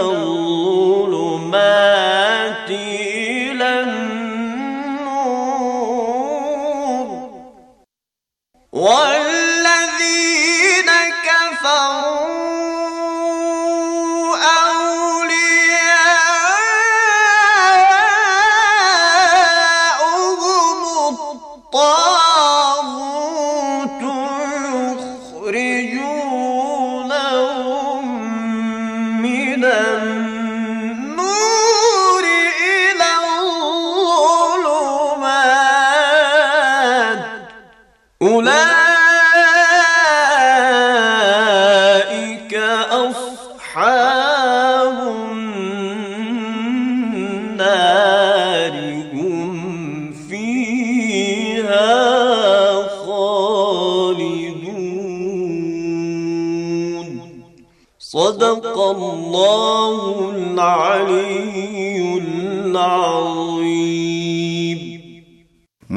الله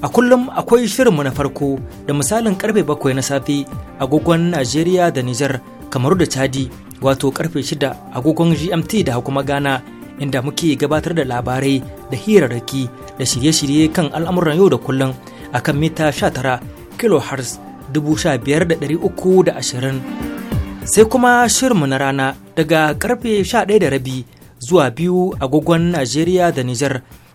A kullum akwai shirinmu na farko da misalin karfe bakwai na safe agogon Najeriya da Nijar kamaru da Chadi wato karfe shida agogon GMT da kuma Ghana inda muke gabatar da labarai da hirarraki da shirye-shirye kan al'amuran yau da kullum a kan mita 19 kilohertz ashirin sai kuma shirinmu na rana daga karfe da rabi zuwa biyu agogon Najeriya da Nijar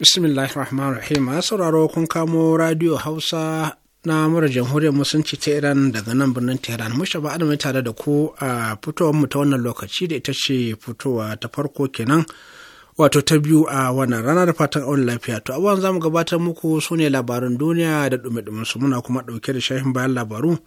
bismillahi Rahmanir Rahim. A sauraro kun kamo Radio Hausa na mura jamhuriyar musulunci ta Iran daga nan birnin Tehran. Musha ba adamai tare da ku a fitowar mu ta wannan lokaci da ita ce fitowa ta farko kenan. Wato ta biyu a wannan rana da fatan auni lafiya. To abubuwan za mu gabatar muku sune ne labaran duniya da dumi su muna kuma ɗauke da shahin bayan labaru.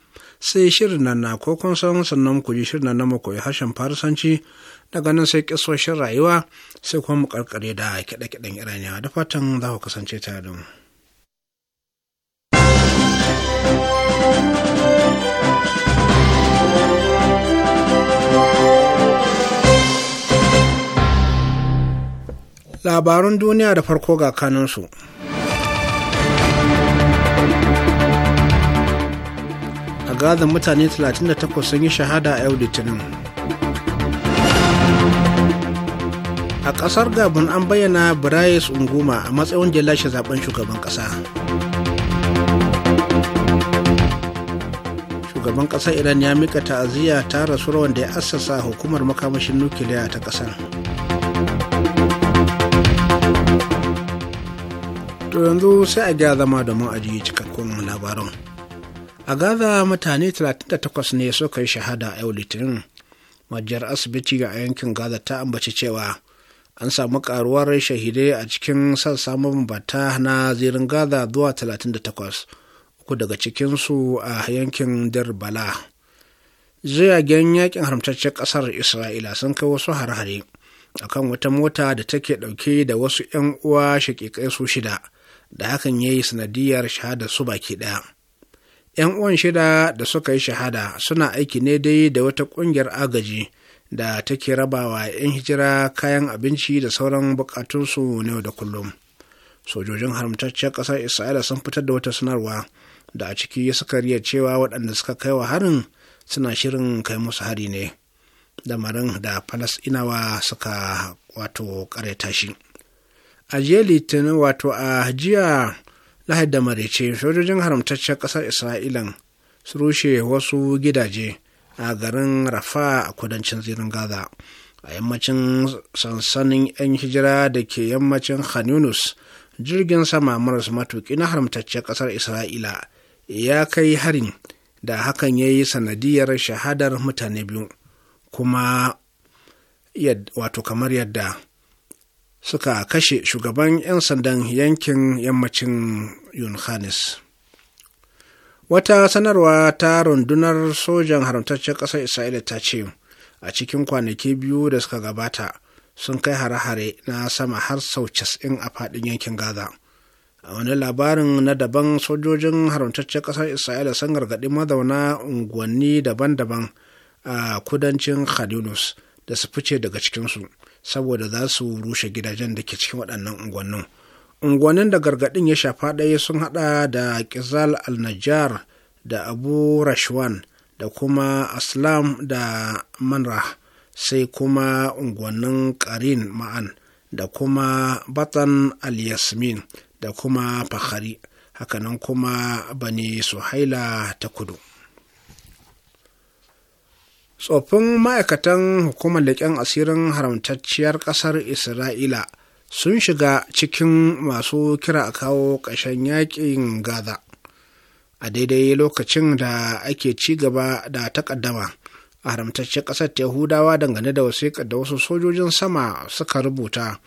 Sai shirin nan na kokon san sannan ku ji shirin nan na mu koyi harshen Farisanci daga ganin sai kisoshin rayuwa sai kuma mu karkare da kiɗe-kiɗen iraniyawa da fatan za ku kasance tare da mu. Labarun duniya da farko ga kanunsu. A gaza mutane 38 sun yi shahada a yau litinin. a ƙasar gabon an bayyana brais unguma a matsayin da lashe zaben shugaban ƙasa shugaban ƙasar iran ya mika ta'aziyya ta rasu rawan da ya assasa hukumar makamashin nukiliya ta ƙasar to yanzu sai a gyara zama domin ajiye cikakkun labaran a gaza mutane 38 ne suka yi shahada a yau litinin majiyar asibiti a yankin gaza ta ambaci cewa an samu karuwar shahidai a cikin sassa mabambata na zirin gaza zuwa 38 uku daga cikinsu a yankin darbala jiragen yakin haramtaccen kasar isra'ila sun kai wasu har-hare a kan wata mota da take dauke da wasu 'yan uwa shakikai su shida da hakan ya yi sanadiyar shahada su baki daya 'yan uwan shida da suka yi shahada suna aiki ne dai da wata kungiyar agaji da take rabawa 'yan hijira kayan abinci da sauran bukatunsu na yau da kullum sojojin haramtacciyar ƙasar isra'ila sun fitar da wata sanarwa da a ciki suka riya cewa waɗanda suka kai wa harin suna shirin kai musu hari ne damarin da falasɗinawa suka wato ƙareta shi a jiya litinin wato a jiya lahadi da marece sojojin haramtacciyar ƙasar isra'ilan su rushe wasu gidaje a garin rafa a kudancin zirin gaza a yammacin sansanin 'yan hijira da ke yammacin hanunus jirgin sama maras matuƙi na haramtaccen ƙasar isra'ila ya kai harin da hakan ya yi sanadiyar shahadar mutane biyu kuma wato kamar yadda suka kashe shugaban 'yan sandan yankin yammacin yunhanis. wata sanarwa ta rundunar sojan haramtaccen ƙasar isra'ila ta ce a cikin kwanaki biyu da suka gabata sun kai hare-hare na sama har sau cas'in a faɗin yankin gaza a wani labarin na daban sojojin haramtaccen ƙasar isra'ila sun gargaɗi mazauna unguwanni daban-daban a kudancin khanunus da su fice daga cikinsu saboda za su rushe gidajen da ke cikin waɗannan unguwannin unguwannin da gargaɗin ya shafa ɗaya sun haɗa da kizal al-najjar da abu rashwan da kuma aslam da manra sai kuma unguwannin karin ma'an da kuma batan al-yasmin da kuma fahari hakanan kuma bani suhaila ta kudu tsoffin ma'aikatan hukumar leƙen asirin haramtacciyar ƙasar isra'ila sun shiga cikin masu kira a kawo ƙashen yaƙin gaza a daidai lokacin da ake ci gaba da takaddama a kasar ta yahudawa dangane da wasiƙar da wasu sojojin sama suka rubuta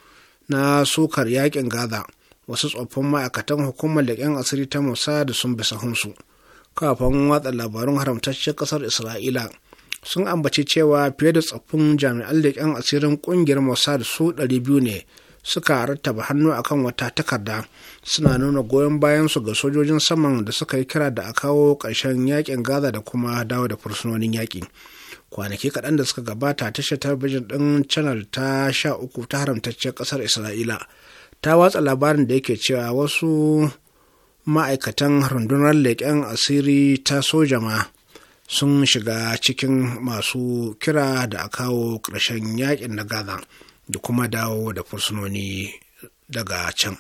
na sukar yaƙin gaza wasu tsoffin ma'aikatan hukumar leƙen asiri ta mossad sun bi sahunsu kafin watsa labarun haramtaccen ƙasar isra'ila sun ambaci cewa fiye da tsoffin jami'an leƙen asirin ƙungiyar mossad su 200 ne suka rattaba hannu akan wata takarda suna nuna goyon bayansu ga sojojin saman da suka yi kira da a kawo ƙarshen yakin gaza da kuma dawo da fursunonin yaƙi kwanaki kaɗan da suka gabata tashar talabijin ɗin canal ta sha uku ta haramtacce ƙasar isra'ila ta watsa labarin da yake cewa wasu ma'aikatan rundunar leƙen asiri ta soja ma sun shiga cikin masu kira da a kawo ƙarshen yaƙin na gaza da kuma dawo da fursunoni daga can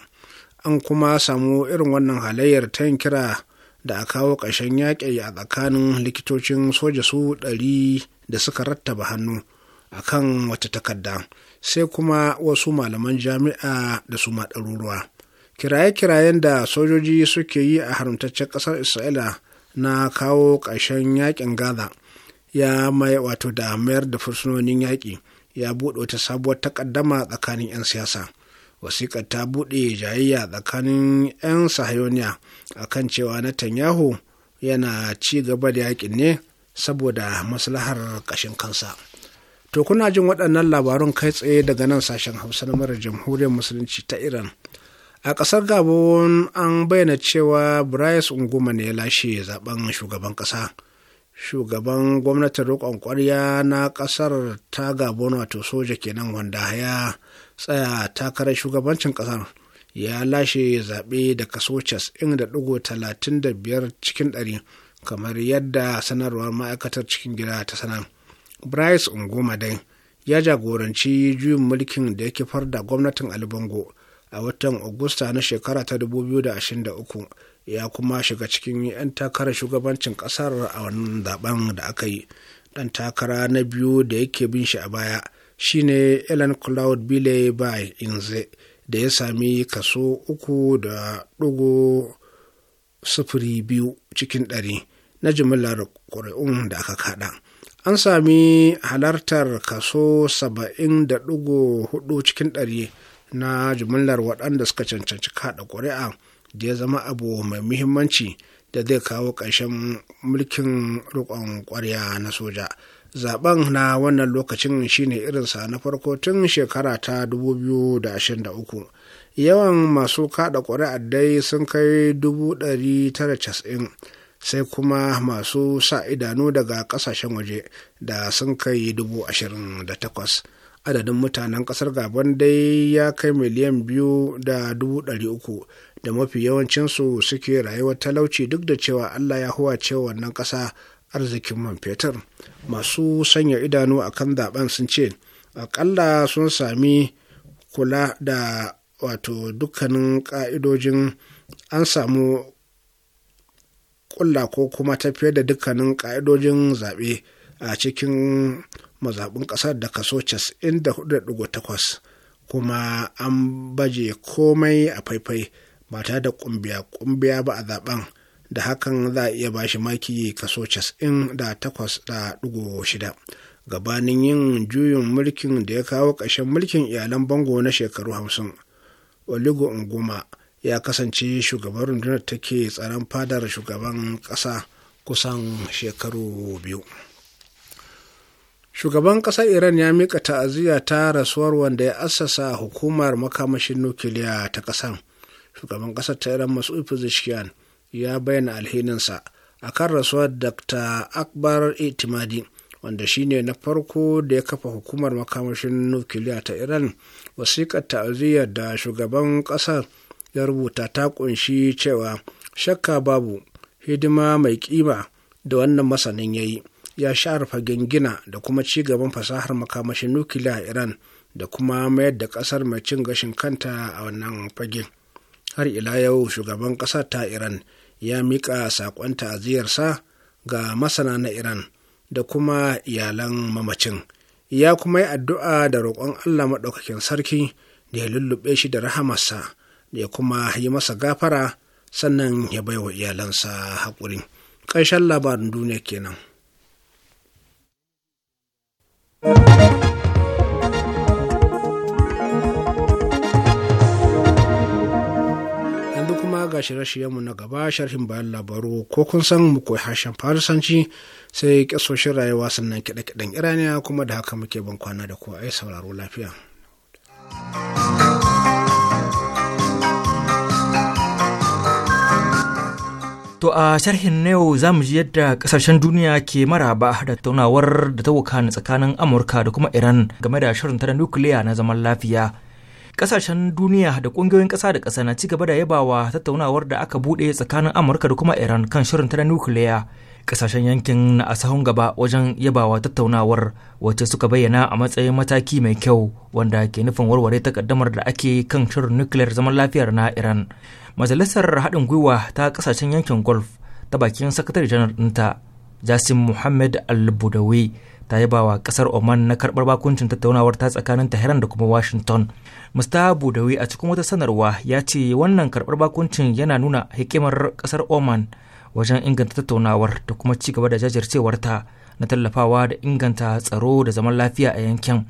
an kuma samu irin wannan halayyar ta kira da a kawo ƙarshen yaƙi a tsakanin likitocin soja su ɗari da suka rattaba hannu a kan wata takarda sai kuma wasu malaman jami'a da su maɗaruruwa. kiraye-kirayen da sojoji suke yi a haramtaccen ƙasar isra'ila na kawo ƙarshen yaƙin gaza ya mai wato da mayar da fursunonin yaƙi ya buɗe wata sabuwar takaddama tsakanin 'yan siyasa wasiƙar ta buɗe jayayya tsakanin 'yan sahayoniya kan cewa netanyahu yana ci gaba da yaƙin ne saboda maslahar ƙashin kansa to kuna jin waɗannan labarun kai tsaye daga nan sashen hausa na mara jamhuriyar musulunci ta iran a ƙasar gabon an bayyana cewa bryce unguma ne ya lashe zaben shugaban ƙasa shugaban gwamnatin roƙon kwarya na ƙasar ta gabon wato soja kenan wanda ya tsaya takarar shugabancin ƙasa, ya lashe zaɓe da kaso biyar cikin ɗari kamar yadda sanarwar ma'aikatar cikin gida ta sanar bryce dai ya jagoranci juyin mulkin da ya kifar da gwamnatin albango a watan agusta na shekara ta 2023 ya kuma shiga cikin 'yan takarar shugabancin kasar a wannan zaben da aka yi dan takara na biyu da yake bin shi a baya shine ellen cloud bile ba inze da ya sami kaso uku da sufuri biyu cikin ɗari na jimillar ƙuri'un da aka kaɗa an sami halartar kaso saba'in da hudu cikin ɗari na jimillar waɗanda suka cancanci kaɗa ƙuri'a da ya zama abu mai muhimmanci da zai kawo ƙarshen mulkin riƙon ƙwarya na soja zaben na wannan lokacin shine irinsa na farko tun shekara ta 2023 yawan masu kada ƙuri'a dai sun kai 990 sai kuma masu sa idanu daga ƙasashen waje da sun kai 28 adadin mutanen ƙasar gabon dai ya kai miliyan biyu da dubu da mafi yawancinsu suke rayuwar talauci duk da cewa allah ya huwa cewa wannan ƙasa arzikin man fetur masu sanya idanu a kan zaben sun ce aƙalla sun sami kula da wato dukkanin ƙa'idojin an samu kulla ko kuma tafiye da dukkanin ƙa'idojin zaɓe a cikin mazaɓin ƙasar da kaso 94.8 kuma an baje komai a faifai ba tare da kumbiya-kumbiya ba a zaben da hakan za a iya bashi maki kaso casa'in da takwas da ɗigo shida gabanin yin juyin mulkin da ya kawo ƙarshen mulkin iyalan bango na shekaru hamsin oligo unguma ya kasance shugaban rundunar take tsaron fadar shugaban ƙasa kusan shekaru biyu shugaban ƙasar iran ya mika ta'aziyya ta rasuwar wanda ya assasa hukumar makamashin nukiliya ta ƙasar shugaban ƙasar ta iran masu pezeshkian ya bayyana alhininsa a kan rasuwar dr akbar itimadi wanda shine na farko da ya kafa hukumar makamashin nukiliya ta iran wasikar ta'aziyya da shugaban ƙasar ya rubuta ta kunshi cewa shakka babu hidima mai kima da wannan masanin ya yi ya sharfa gingina da kuma ci gaban fasahar makamashin nukiliya a iran da kuma mayar da kasar mai cin gashin kanta a wannan fagen. har ila yau shugaban ƙasar ta iran ya miƙa saƙon ta'aziyarsa ga masana na iran da kuma iyalan mamacin ya kuma yi addu'a da roƙon allah maɗaukakin sarki da ya lullube shi da rahamarsa da ya kuma yi masa gafara sannan ya baiwa iyalansa haƙuri ƙarshen labarin duniya kenan. ga shirye-shiryenmu na gaba sharhin bayan labaru ko kun san mu koyi harshen farisanci sai kyasoshin rayuwa sannan kiɗe-kiɗen iraniya kuma da haka muke ban kwana da ku ai sauraro lafiya. To a sharhin na yau za mu ji yadda kasashen duniya ke maraba da taunawar da ta wuka tsakanin Amurka da kuma Iran game da shirin ta nukiliya na zaman lafiya. kasashen duniya da kungiyoyin kasa da kasa na ci gaba da yabawa tattaunawar da aka bude tsakanin amurka da kuma iran kan shirin ta na nukiliya kasashen yankin na a sahun gaba wajen yabawa tattaunawar wacce suka bayyana a matsayin mataki mai kyau wanda ke nufin warware takaddamar da ake kan shirin nukiliyar zaman lafiyar na iran majalisar haɗin gwiwa ta kasashen yankin golf ta bakin sakatare janar ɗinta jasim muhammad al-budawi ta yaba wa kasar oman na karbar bakuncin tattaunawar ta tsakanin tehran da kuma washington mr budawi a cikin wata sanarwa ya ce wannan karbar bakuncin yana nuna hikimar kasar oman wajen inganta tattaunawar da kuma ci gaba da jajircewar ta na tallafawa da inganta tsaro da zaman lafiya a yankin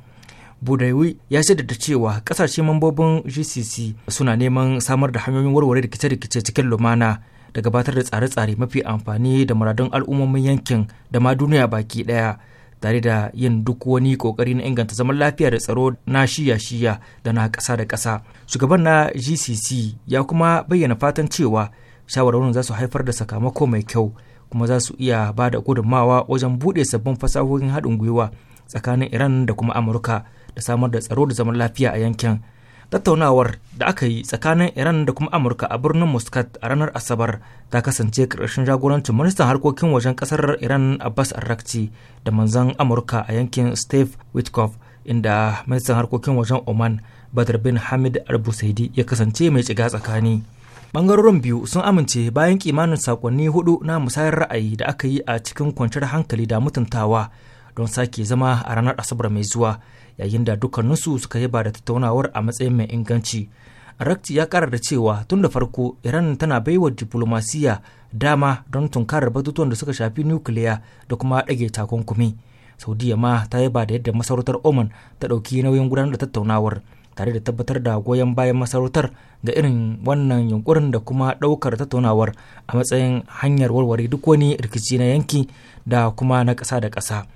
budawi ya ce da cewa kasashe mambobin gcc suna neman samar da hanyoyin warware rikice-rikice cikin lumana da gabatar da tsare-tsare mafi amfani da muradun al'ummomin yankin da ma duniya baki daya tare da yin duk wani kokari na inganta zaman lafiya da tsaro na shiya-shiya da na ƙasa da ƙasa shugaban na gcc ya kuma bayyana fatan cewa shawarwarin za su haifar da sakamako mai kyau kuma za su iya ba da gudummawa wajen buɗe sabbin fasahohin haɗin gwiwa tsakanin iran da kuma amurka da samar da tsaro da zaman lafiya a yankin tattaunawar da aka yi tsakanin iran da kuma amurka a birnin muscat a ranar asabar ta kasance ƙarshen jagorancin ministan harkokin wajen ƙasar iran abbas arrakci da manzan amurka a yankin steve witkoff inda ministan harkokin wajen oman badr bin hamid al ya kasance mai shiga tsakani bangarorin biyu sun amince bayan kimanin sakonni hudu na musayar ra'ayi da aka yi a cikin kwanciyar hankali da mutuntawa don sake zama a ranar asabar mai zuwa yayin da dukkaninsu suka yaba da tattaunawar a matsayin mai inganci rakti ya kara da cewa tun da farko iran tana baiwa diplomasiya dama don tunkarar batutuwan da suka shafi nukiliya da kuma ɗage takunkumi saudiya ma ta yaba da yadda masarautar oman ta ɗauki nauyin gudanar da tattaunawar tare da tabbatar da goyon bayan masarautar ga irin wannan yunkurin da kuma ɗaukar tattaunawar a matsayin hanyar warware duk wani rikici na yanki da kuma na ƙasa da ƙasa.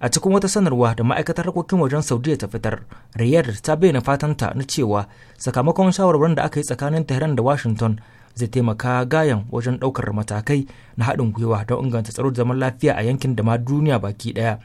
a cikin wata sanarwa da ma'aikatar harkokin wajen saudiya ta fitar riyadh ta bayyana fatanta na cewa sakamakon shawarwarin da aka yi tsakanin tehran da washington zai taimaka gayan wajen ɗaukar matakai na haɗin gwiwa don inganta tsaro da zaman lafiya a yankin da ma duniya baki ɗaya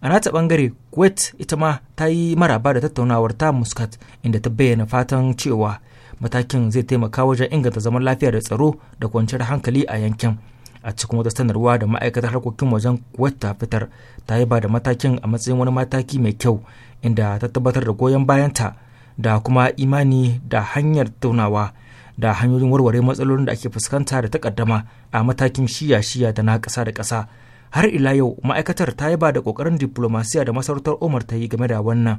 a nata bangare kuwait ita ma ta yi maraba da tattaunawar ta muscat inda ta bayyana fatan cewa matakin zai taimaka wajen inganta zaman lafiya da tsaro da kwanciyar hankali a yankin a cikin wata sanarwa da ma'aikatar harkokin wajen wata fitar ta yi ba da matakin a matsayin wani mataki mai kyau inda ta tabbatar da goyon bayanta da kuma imani da hanyar taunawa da hanyoyin warware matsalolin da ake fuskanta da takaddama a matakin shiya-shiya da na ƙasa da ƙasa har ila yau ma'aikatar ta yi ba da ƙoƙarin diplomasiya da masarautar umar ta yi game da wannan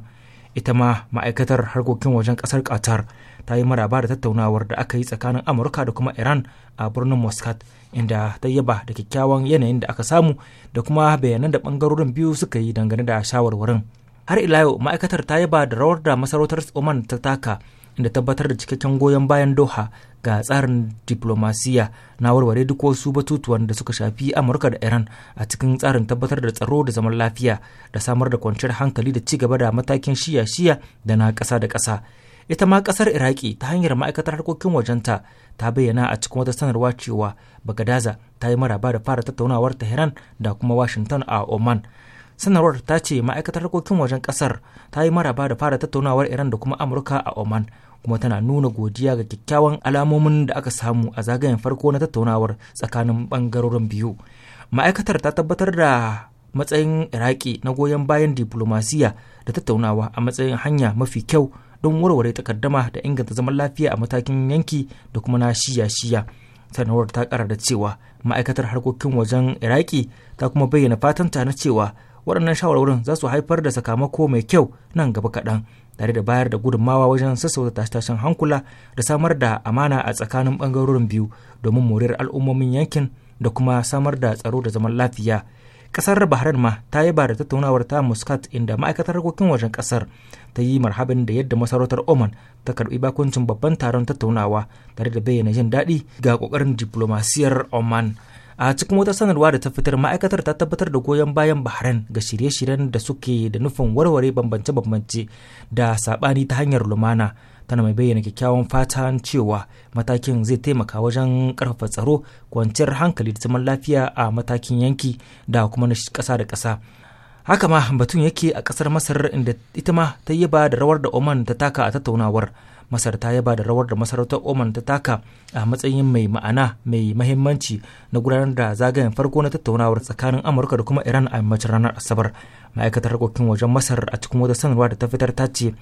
ita ma ma'aikatar harkokin wajen ƙasar qatar ta yi maraba da tattaunawar da aka yi tsakanin amurka da kuma iran a birnin muscat inda ta yaba da kyakkyawan yanayin da aka samu da kuma bayanan da bangarorin biyu suka yi dangane da shawarwarin har ila yau ma'aikatar ta yaba da rawar da masarautar oman ta taka inda tabbatar da cikakken goyon bayan doha ga tsarin diplomasiya na warware duk wasu batutuwan da suka shafi amurka da iran a cikin tsarin tabbatar da tsaro da zaman lafiya da samar da kwanciyar hankali da ci gaba da matakin shiya-shiya da na ƙasa da ƙasa ita ma kasar iraki ta hanyar ma'aikatar harkokin wajenta ta bayyana a cikin wata sanarwa cewa bagadaza ta yi maraba da fara tattaunawar tehran da kuma washington a oman sanarwar ta ce ma'aikatar harkokin wajen kasar ta yi maraba da fara tattaunawar iran da kuma amurka a oman kuma tana nuna godiya ga kyakkyawan alamomin da aka samu a zagayen farko na tattaunawar tsakanin bangarorin biyu ma'aikatar ta tabbatar da matsayin iraki na goyon bayan diplomasiya da tattaunawa a matsayin hanya mafi kyau don warware takaddama da inganta zaman lafiya a matakin yanki da kuma na shiya-shiya sanarwar ta kara da cewa ma'aikatar harkokin wajen iraki ta kuma bayyana fatanta na cewa waɗannan shawarwarin za su haifar da sakamako mai kyau nan gaba kaɗan tare da bayar da gudummawa wajen sassauta tashe tashen hankula da samar da amana a tsakanin ɓangarorin biyu domin moriyar al'ummomin yankin da kuma samar da tsaro da zaman lafiya kasar bahrain ma ta yi bada tattaunawar ta muscat inda ma'aikatar harkokin wajen kasar ta yi marhabin da yadda masarautar oman ta karbi bakuncin babban taron tattaunawa tare da bayyana jin daɗi ga kokarin diplomasiyar oman a cikin wata sanarwa da ta fitar ma'aikatar ta tabbatar da goyon bayan bahrain ga shirye-shiryen da suke da nufin warware bambance-bambance da saɓani ta hanyar lumana tana mai bayyana kyakkyawan fatan cewa matakin zai taimaka wajen karfafa tsaro kwanciyar hankali da zaman lafiya a matakin yanki da kuma na kasa da kasa haka ma batun yake a ƙasar masar inda ita ma ta ba da rawar da oman ta taka a tattaunawar masar ta ba da rawar da masarautar oman ta taka a matsayin mai ma'ana mai mahimmanci na gudanar da zagayen farko na tattaunawar tsakanin amurka da kuma iran a yammacin ranar asabar ma'aikatar harkokin wajen masar a cikin wata sanarwa da ta fitar ta ce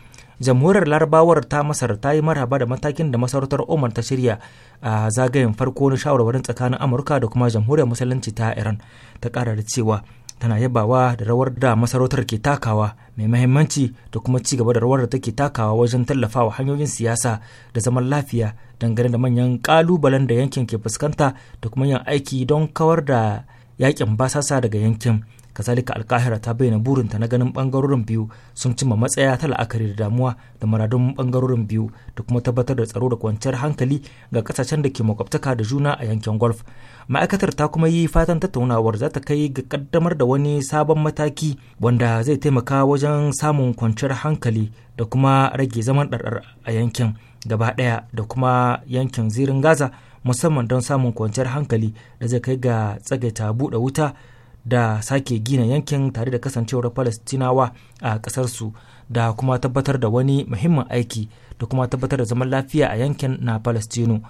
jamhuriyar larabawar ta masar ta yi maraba da matakin da masarautar oman ta shirya a zagayen farko na shawarwarin tsakanin amurka da kuma jamhuriyar musulunci ta iran ta kara da cewa tana yabawa da rawar da masarautar ke takawa mai mahimmanci da kuma ci gaba da rawar da take takawa wajen tallafawa hanyoyin siyasa da zaman lafiya dangane da manyan kalubalen da yankin ke fuskanta da kuma yin aiki don kawar da yakin basasa daga yankin kazalika alkahira ta bayyana burinta na ganin bangarorin biyu sun cimma matsaya ta la'akari da damuwa da maradun bangarorin biyu da kuma tabbatar da tsaro da kwanciyar hankali ga kasashen da ke makwabtaka da juna a yankin golf ma'aikatar ta kuma yi fatan tattaunawar za ta kai ga kaddamar da wani sabon mataki wanda zai taimaka wajen samun kwanciyar hankali da kuma rage zaman ɗarɗar a yankin gaba ɗaya da kuma yankin zirin gaza musamman don samun kwanciyar hankali da zai kai ga tsagaita buɗe wuta da sake gina yankin tare da kasancewar palestinawa a ƙasarsu da kuma tabbatar da wani muhimmin aiki da kuma tabbatar da zaman lafiya a yankin na palestino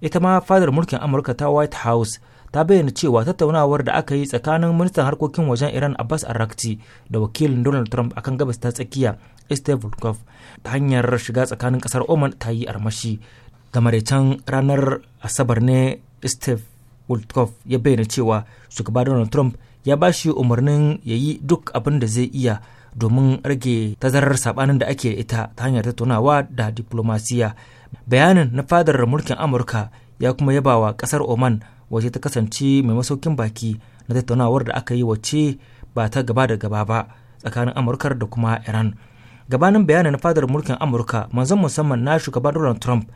ita ma fadar mulkin amurka ta white house ta bayyana cewa tattaunawar da aka yi tsakanin ministan harkokin wajen iran abbas Arakti da wakilin donald trump akan gabas ta tsakiya steve volkov ta hanyar shiga tsakanin kasar oman ta yi armashi da maraicen ranar asabar ne steve Wolkoff ya bayyana cewa shugaba Donald Trump ya ba shi umarnin ya yi duk abin da zai iya domin rage tazarar sabanin da ake ita ta hanyar tattaunawa da diplomasiya bayanin na fadar mulkin amurka ya kuma yaba wa kasar oman waje ta kasance mai masaukin baki na tattaunawar da aka yi wace ba ta gaba da gaba ba tsakanin amurkar da kuma iran gabanin bayanin na fadar mulkin amurka manzon musamman na shugaban donald trump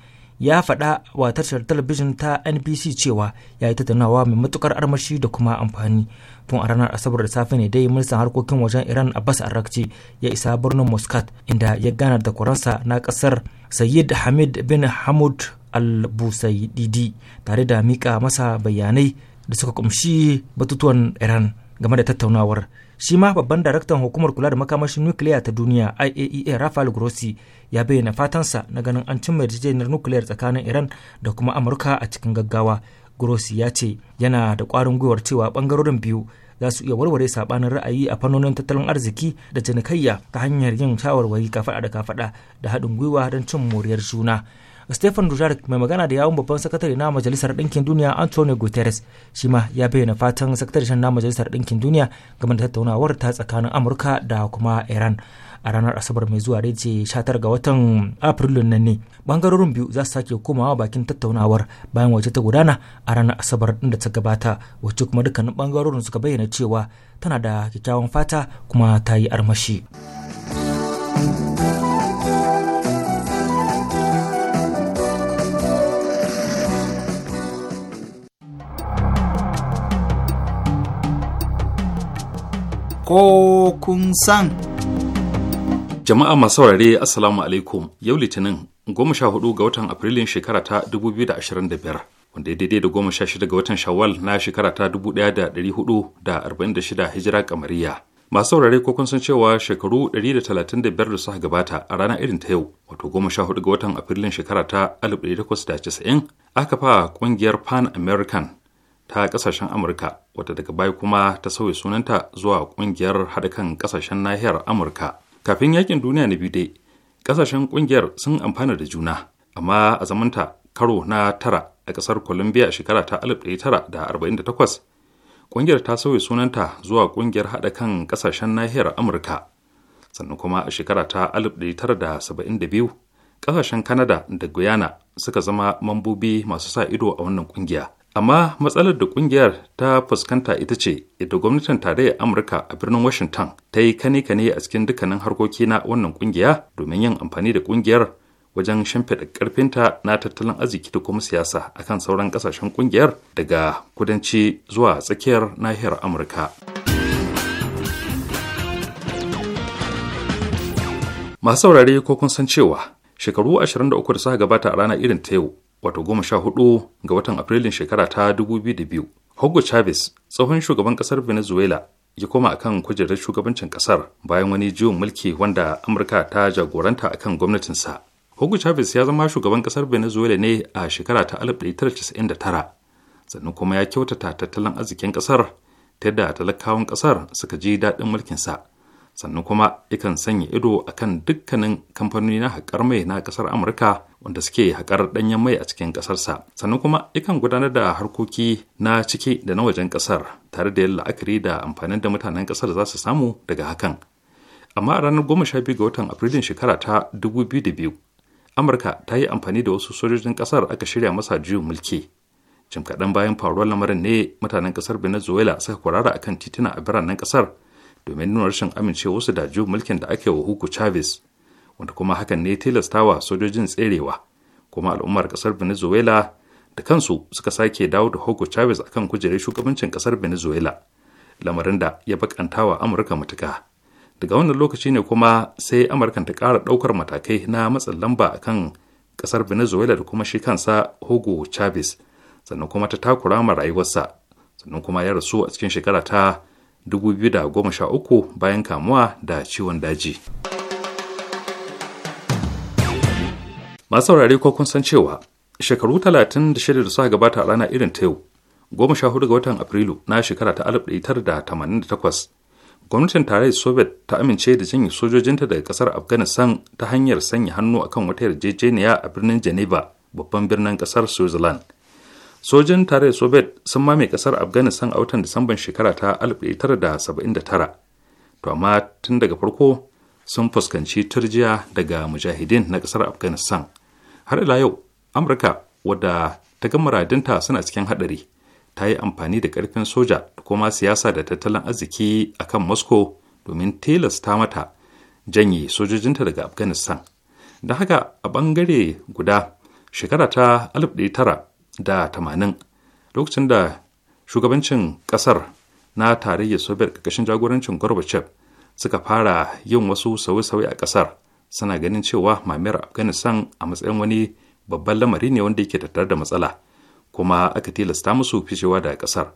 ya faɗa wa tashar talabijin ta nbc cewa ya yi tattaunawa mai matukar armashi da kuma amfani tun a ranar asabar da safe ne dai ministan harkokin wajen iran a abbas arrakci ya isa birnin muscat inda ya gana da kwaransa na kasar sayyid hamid bin hamud al-busaididi tare da mika masa bayanai da suka kumshi batutuwan iran game da tattaunawar shi ma babban daraktan hukumar kula da makamashin nukiliya ta duniya iaea e rafael grossi ya bayyana fatansa na ganin an cimma yarjejeniyar nukiliyar tsakanin iran da kuma amurka a cikin gaggawa grossi ya ce yana da kwarin gwiwar cewa bangarorin biyu za su iya warware sabanin ra'ayi a fannonin tattalin arziki da cinikayya ta hanyar yin shawarwari kafada da kafaɗa da haɗin gwiwa don cin moriyar juna stephen dujarric mai magana da yawun babban sakatare na majalisar ɗinkin duniya antonio guterres shi ma ya bayyana fatan sakatare na majalisar ɗinkin duniya game da tattaunawar ta tsakanin amurka da kuma iran a ranar asabar mai zuwa rece 19 ga watan afrilun nan ne bangarorin biyu za su sake komawa bakin tattaunawar bayan wace ta gudana a ranar asabar din da ta gabata wacce kuma dukkanin bangarorin suka bayyana cewa tana da kyakkyawan fata kuma ta yi armashi. ko kun san. Jama'a masu saurare Assalamu alaikum yau Litinin goma sha hudu ga watan Afrilun shekara ta dubu biyu da da ashirin biyar, wanda ya daidai da goma sha shida ga watan Shawwal na shekara ta dubu da da da hudu arba'in shida hijira kamariya. Masu saurare ko kun san cewa shekaru ɗari da talatin da da biyar suka gabata a ranar irin ta yau wato goma sha hudu ga watan Afrilun shekara ta alif da casa'in, aka fa ƙungiyar Pan American ta kasashen Amurka wata daga baya kuma ta sauya sunanta zuwa kungiyar haɗa kan kasashen nahiyar Amurka. kafin yakin duniya na biyu dai kasashen kungiyar sun amfana da juna amma a zamanta karo na tara a kasar columbia a shekara ta 1948 kungiyar ta sauya sunanta zuwa kungiyar hada kan kasashen nahiyar amurka sannan kuma a shekara ta 1972 kasashen canada da guyana suka zama mambobi masu sa ido a wannan kungiya amma matsalar da kungiyar ta fuskanta ita ce yadda gwamnatin tarayyar amurka a birnin washington ta yi kane-kane a cikin dukkanin harkoki na wannan kungiya domin yin amfani da kungiyar wajen shimfiɗa ƙarfinta na tattalin arziki da kuma siyasa akan sauran ƙasashen kungiyar daga kudanci zuwa tsakiyar nahiyar amurka masu saurare ko kun san cewa shekaru 23 da suka gabata a rana irin ta yau wato goma sha hudu ga watan Afrilun shekara ta dubu biyu da biyu. Hugo Chavez, tsohon shugaban kasar Venezuela, ya koma akan kujerar shugabancin kasar bayan wani jiwon mulki wanda Amurka ta jagoranta akan gwamnatinsa. Hugo Chavez ya zama shugaban kasar Venezuela ne a shekara ta 1999, sannan kuma ya kyautata tattalin arzikin kasar ta yadda talakawan kasar suka ji daɗin mulkinsa. sannan kuma yakan sanya ido akan dukkanin kamfanoni na haƙar mai na ƙasar amurka wanda suke haƙar ɗanyen mai a cikin ƙasarsa sannan kuma yakan gudanar da harkoki na ciki da na wajen ƙasar tare da yin la'akari da amfanin da mutanen ƙasar za su samu daga hakan amma a ranar goma sha biyu ga watan afrilun shekara ta dubu biyu da biyu amurka ta yi amfani da wasu sojojin ƙasar aka shirya masa juyin mulki jim kaɗan bayan faruwar lamarin ne mutanen ƙasar venezuela suka kwarara akan tituna a biranen ƙasar domin nuna rashin amincewarsu da juyin mulkin da ake wa Hugo Chavez wanda kuma hakan ne tilastawa sojojin tserewa kuma al'ummar kasar Venezuela da kansu suka sake dawo da Hugo Chavez akan kujerar shugabancin kasar Venezuela lamarin da ya bakantawa Amurka matuka daga wannan lokaci ne kuma sai Amurka ta ƙara ɗaukar matakai na matsin lamba akan kasar Venezuela da kuma shi kansa Hugo Chavez sannan kuma ta takura ma rayuwarsa sannan kuma ya rasu a cikin shekara ta 2013 bayan kamuwa da ciwon daji. Masu saurare ko kun san cewa shekaru 36 da suka gabata a rana irin ta yau, 14 ga watan Afrilu na shekara ta 1988, gwamnatin tarayyar Soviet ta amince da janye sojojinta daga kasar Afghanistan ta hanyar sanya hannu akan wata yarjejeniya a birnin Geneva, babban birnin kasar Switzerland. sojin tare soviet sun mame kasar afghanistan a watan disamban shekara ta 1979 to amma tun daga farko sun fuskanci turjiya daga mujahidin na kasar afghanistan har ila yau amurka wadda ta ga muradinta suna cikin hadari ta yi amfani da karfin soja da kuma siyasa da tattalin arziki a kan moscow domin tilasta mata janye sojojinta daga afghanistan da haka a bangare guda shekara ta da tamanin lokacin da shugabancin kasar na tarayyar soviet ƙarƙashin jagorancin gorbachev suka fara yin wasu sauye-sauye a kasar suna ganin cewa mamayar afghanistan a matsayin wani babban lamari ne wanda yake tattare da matsala kuma aka tilasta musu ficewa da ƙasar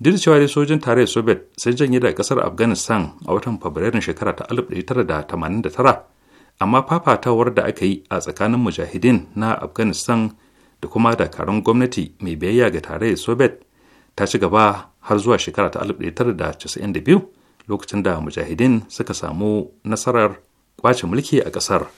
duk da cewa dai sojin tarayyar soviet sun janye da kasar afghanistan a watan fabrairun shekara ta 1989 amma fafatawar da aka yi a tsakanin mujahidin na afghanistan da kuma dakarun gwamnati mai biyayya ga tarayyar soviet ta ci gaba har zuwa shekara ta 1992 lokacin da mujahidin suka samu nasarar kwace mulki a ƙasar.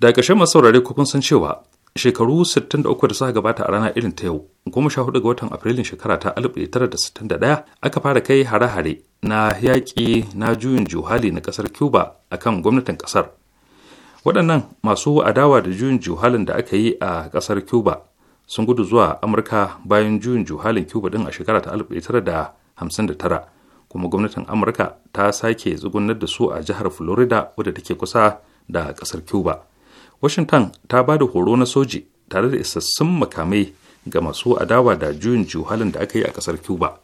Da ƙashe masu saurare kukun san cewa shekaru 63 da suka gabata a rana irin ta yau, goma sha hudu ga watan Afrilun shekara ta 1961 aka fara kai hare-hare na yaƙi na juyin juhali na ƙasar Cuba akan gwamnatin ƙasar. waɗannan masu adawa da juyin juhalin da aka yi a ƙasar cuba sun gudu zuwa amurka bayan juyin juhalin cuba ɗin a shekara ta tara kuma gwamnatin amurka ta sake tsugunar da su a jihar florida wadda take kusa da ƙasar cuba washington ta ba da horo na soji tare da isassun makamai ga masu adawa da juyin juhalin da aka yi a ƙasar cuba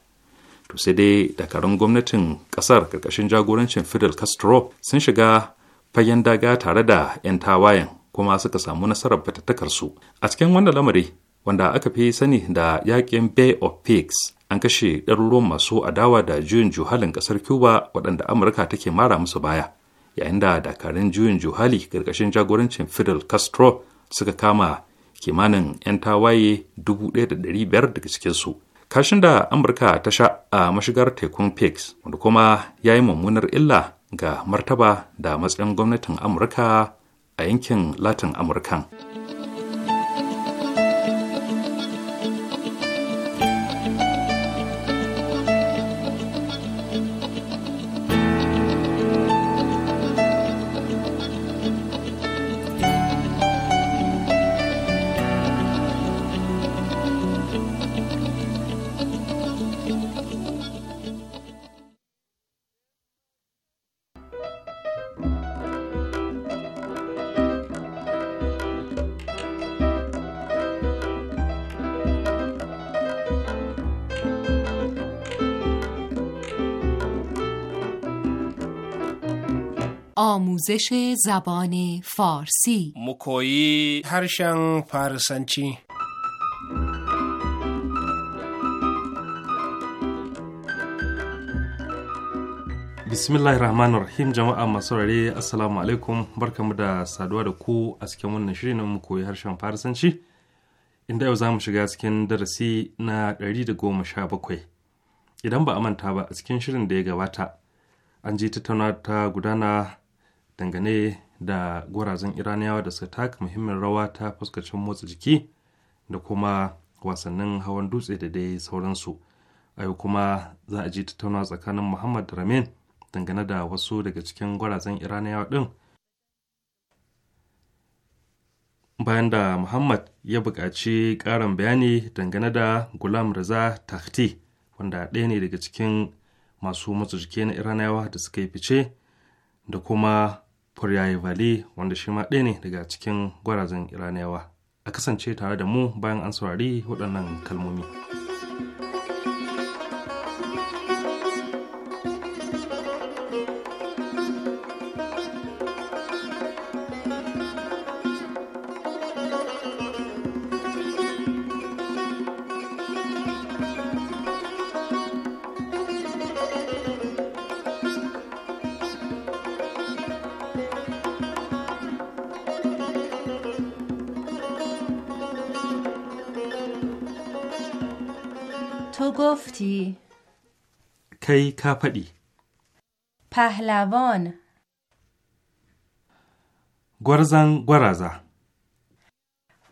to sai dai dakarun gwamnatin ƙasar ƙarƙashin jagorancin fidel castro sun shiga fagen daga tare da 'yan tawayen kuma suka samu nasarar fatattakarsu a cikin wannan lamari wanda aka fi sani da yakin bay of pigs an kashe ɗaruruwan masu adawa da juyin juhalin ƙasar cuba waɗanda amurka take mara musu baya yayin da dakarun juyin juhali ƙarƙashin jagorancin fidel castro suka kama kimanin 'yan tawaye 1,500 daga cikinsu kashin da amurka ta sha a mashigar tekun pigs wanda kuma ya yi mummunar illa ga martaba da matsayin gwamnatin amurka a yankin latin amurkan. آموزش زبان فارسی مکویی harshen فارسنچی bismillahir rahmanir rahim jama'a masu rare assalamu alaikum barkamu da saduwa da ku a cikin wannan shiri na koyi harshen farisanci inda yau zamu shiga cikin darasi na da goma sha 117 idan ba a manta ba a cikin shirin da ya gabata an je tattauna ta gudana dangane da gwarazan iraniyawa da suka taka muhimmin rawa ta fuskacin motsa jiki da kuma wasannin hawan dutse da dai sauransu a yau kuma za a ji tattaunawa tsakanin muhammad da ramin dangane da wasu daga cikin gwarazan iraniyawa din bayan da muhammad ya buƙaci ƙarin bayani dangane da gulam raza takhti wanda ɗaya ne daga cikin masu motsa jiki na iraniyawa da suka yi fice da kuma Furyayi Vali wanda shi ma ɗaya ne daga cikin gwarazan Iraniyawa. A kasance tare da mu bayan an saurari waɗannan kalmomi. kai ka faɗi. Pahlawan. Gwarzan gwaraza.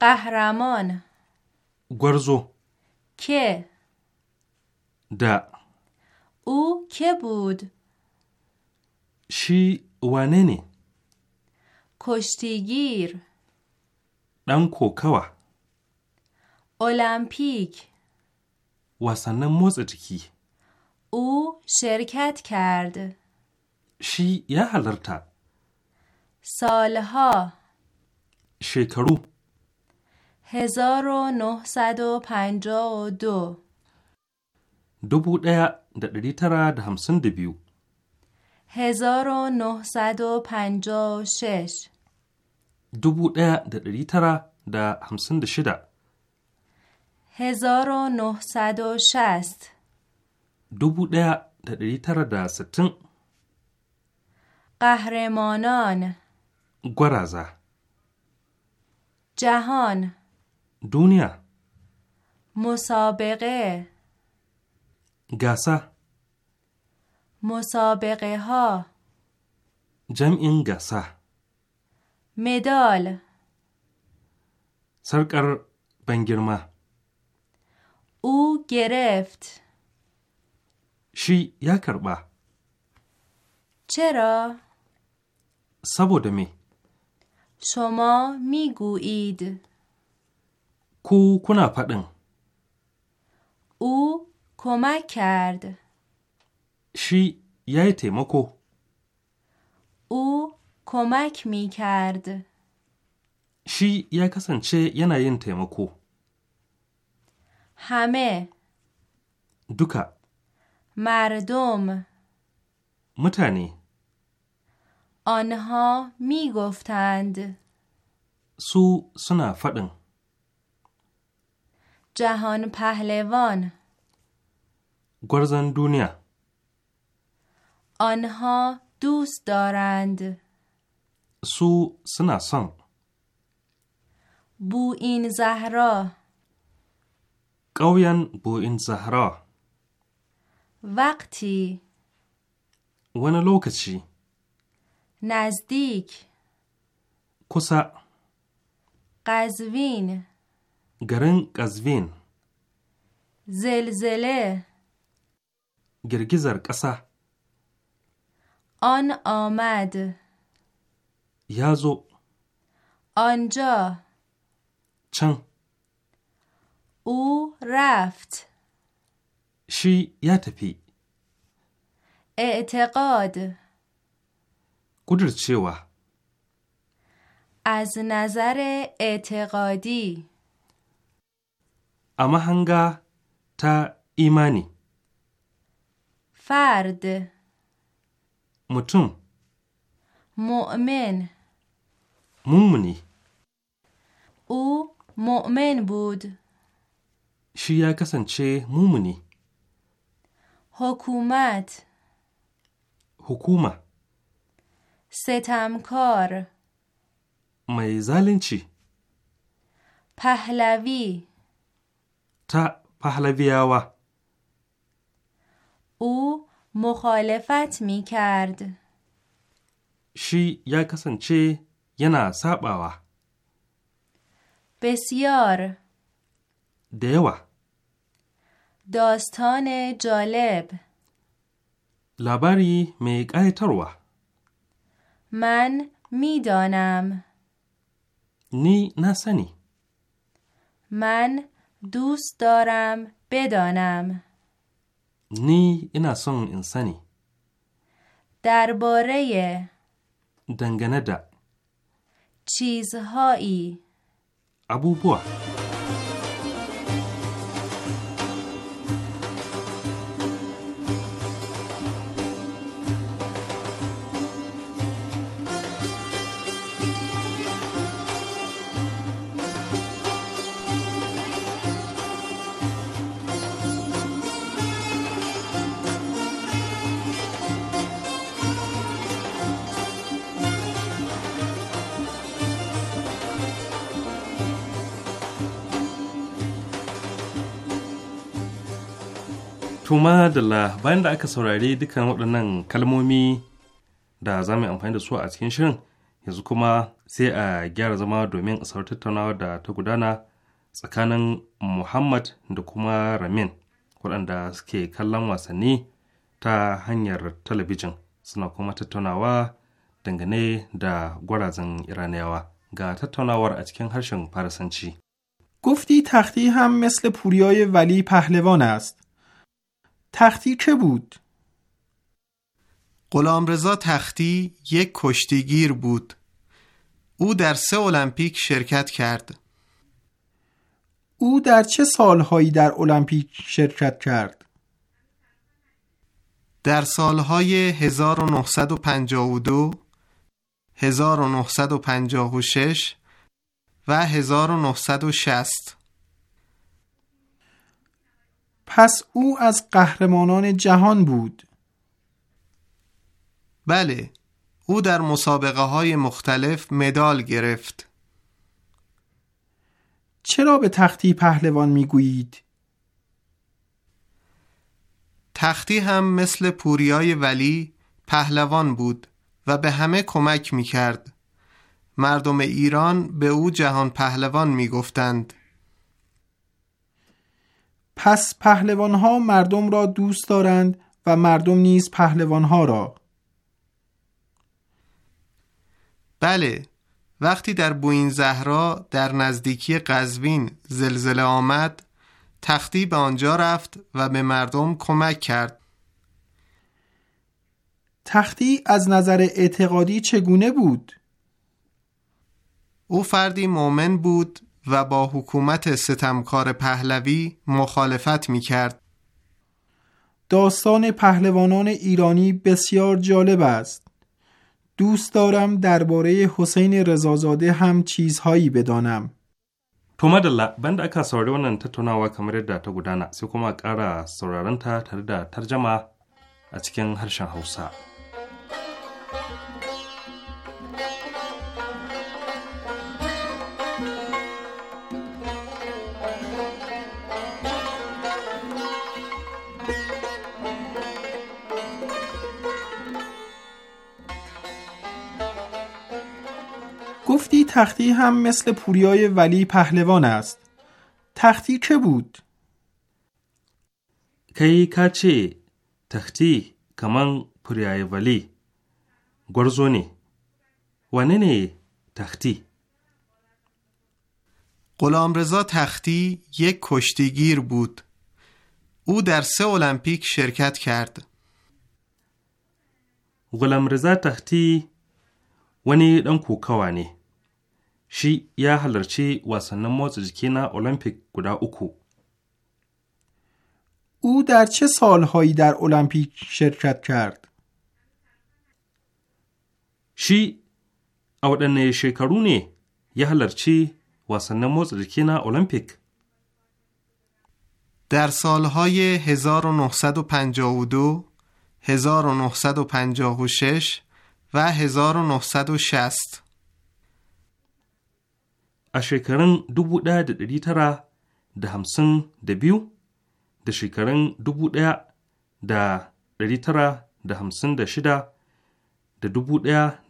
Kahramon! Gwarzo. Ke. Da. U kebud. Shi wane ne? Kushtigir. Ɗan kokawa. Olamfik. Wasannin motsa jiki. او شرکت کرد شی یا سالها شکرو هزار و نهصد و پنجا و دو دو بود ایا در دیتا در همسن دبیو هزار و نهصد و پنجا و شش دو بود ایا در دیتا در همسن دشده هزار و نهصد و شست دوبوده تر قهرمانان گرازه جهان دنیا مسابقه گسه مسابقه ها جمع این گسه مدال سرکر بنگرما او گرفت shi ya karɓa. Cera. Saboda me? Shoma migu id. Ku kuna faɗin. U koma kard. Shi ya yi taimako. U komak mi kard. Shi ya kasance yana yin taimako. Hame. Duka. مردم متنی آنها می گفتند سو سنا فدن جهان پهلوان گرزن دنیا آنها دوست دارند سو سنا سن بو این زهرا قویان بو این زهرا وقتی wani lokaci نزدیک kusa قزوین garin قزوین زلزله girgizar ƙasa آن آمد یا zo آنجا چن او رفت Shi ya tafi. E kudurcewa Gudur cewa. Azi na zare ta imani. Fard. Mutum? Mu'umen. Mumuni. U "muumuen" bud. Shi ya kasance mumuni. حکومت حکومه ستمکار mai zalunci pahlavi ta pahlaviyawa او مخالفت می کرد شی یا کسانچه ینا ساباوا بسیار دیوه داستان جالب لبری می تروه من میدانم نی نسنی من دوست دارم بدانم نی اینا سون انسانی درباره دنگنده چیزهایی ابو ابوبوه Tuma Dalla bayan da aka saurari dukkan waɗannan kalmomi da za mu amfani da su a cikin shirin yanzu kuma sai a gyara zama domin a tattaunawa da ta gudana tsakanin Muhammad da kuma Ramin waɗanda suke kallon wasanni ta hanyar talabijin suna kuma tattaunawa dangane da gwarazan Iraniyawa ga tattaunawar a cikin harshen Farisanci. Kufti Tarti ham مثل پوریای ولی پهلوان ast. تختی که بود؟ غلامرضا تختی یک کشتیگیر بود. او در سه المپیک شرکت کرد. او در چه سالهایی در المپیک شرکت کرد؟ در سالهای 1952 1956 و 1960 پس او از قهرمانان جهان بود بله او در مسابقه های مختلف مدال گرفت چرا به تختی پهلوان میگویید؟ تختی هم مثل پوریای ولی پهلوان بود و به همه کمک می کرد. مردم ایران به او جهان پهلوان می گفتند. پس پهلوان ها مردم را دوست دارند و مردم نیز پهلوان ها را بله وقتی در بوین زهرا در نزدیکی قزوین زلزله آمد تختی به آنجا رفت و به مردم کمک کرد تختی از نظر اعتقادی چگونه بود؟ او فردی مؤمن بود و با حکومت ستمکار پهلوی مخالفت می کرد. داستان پهلوانان ایرانی بسیار جالب است. دوست دارم درباره حسین رضازاده هم چیزهایی بدانم. تو madalla banda aka saurari wannan tattaunawa kamar yadda ta gudana sai kuma a ƙara sauraron tare da tarjama a cikin harshen Hausa. تختی تختی هم مثل پوریای ولی پهلوان است تختی چه بود؟ کی کچه تختی کمان پوریای ولی گرزونی نه تختی غلامرضا تختی یک کشتیگیر بود او در سه المپیک شرکت کرد غلامرضا تختی ونی دن کوکوانی. shi ya halarci wasannin motsa jiki na olympic guda او در چه سالهایی در المپیک شرکت کرد شی او دن شکرونی یه هلر چی واسه رکینا اولمپیک؟ در سالهای 1952، 1956 و 1960 a shekarun 1952 da shekarun 1956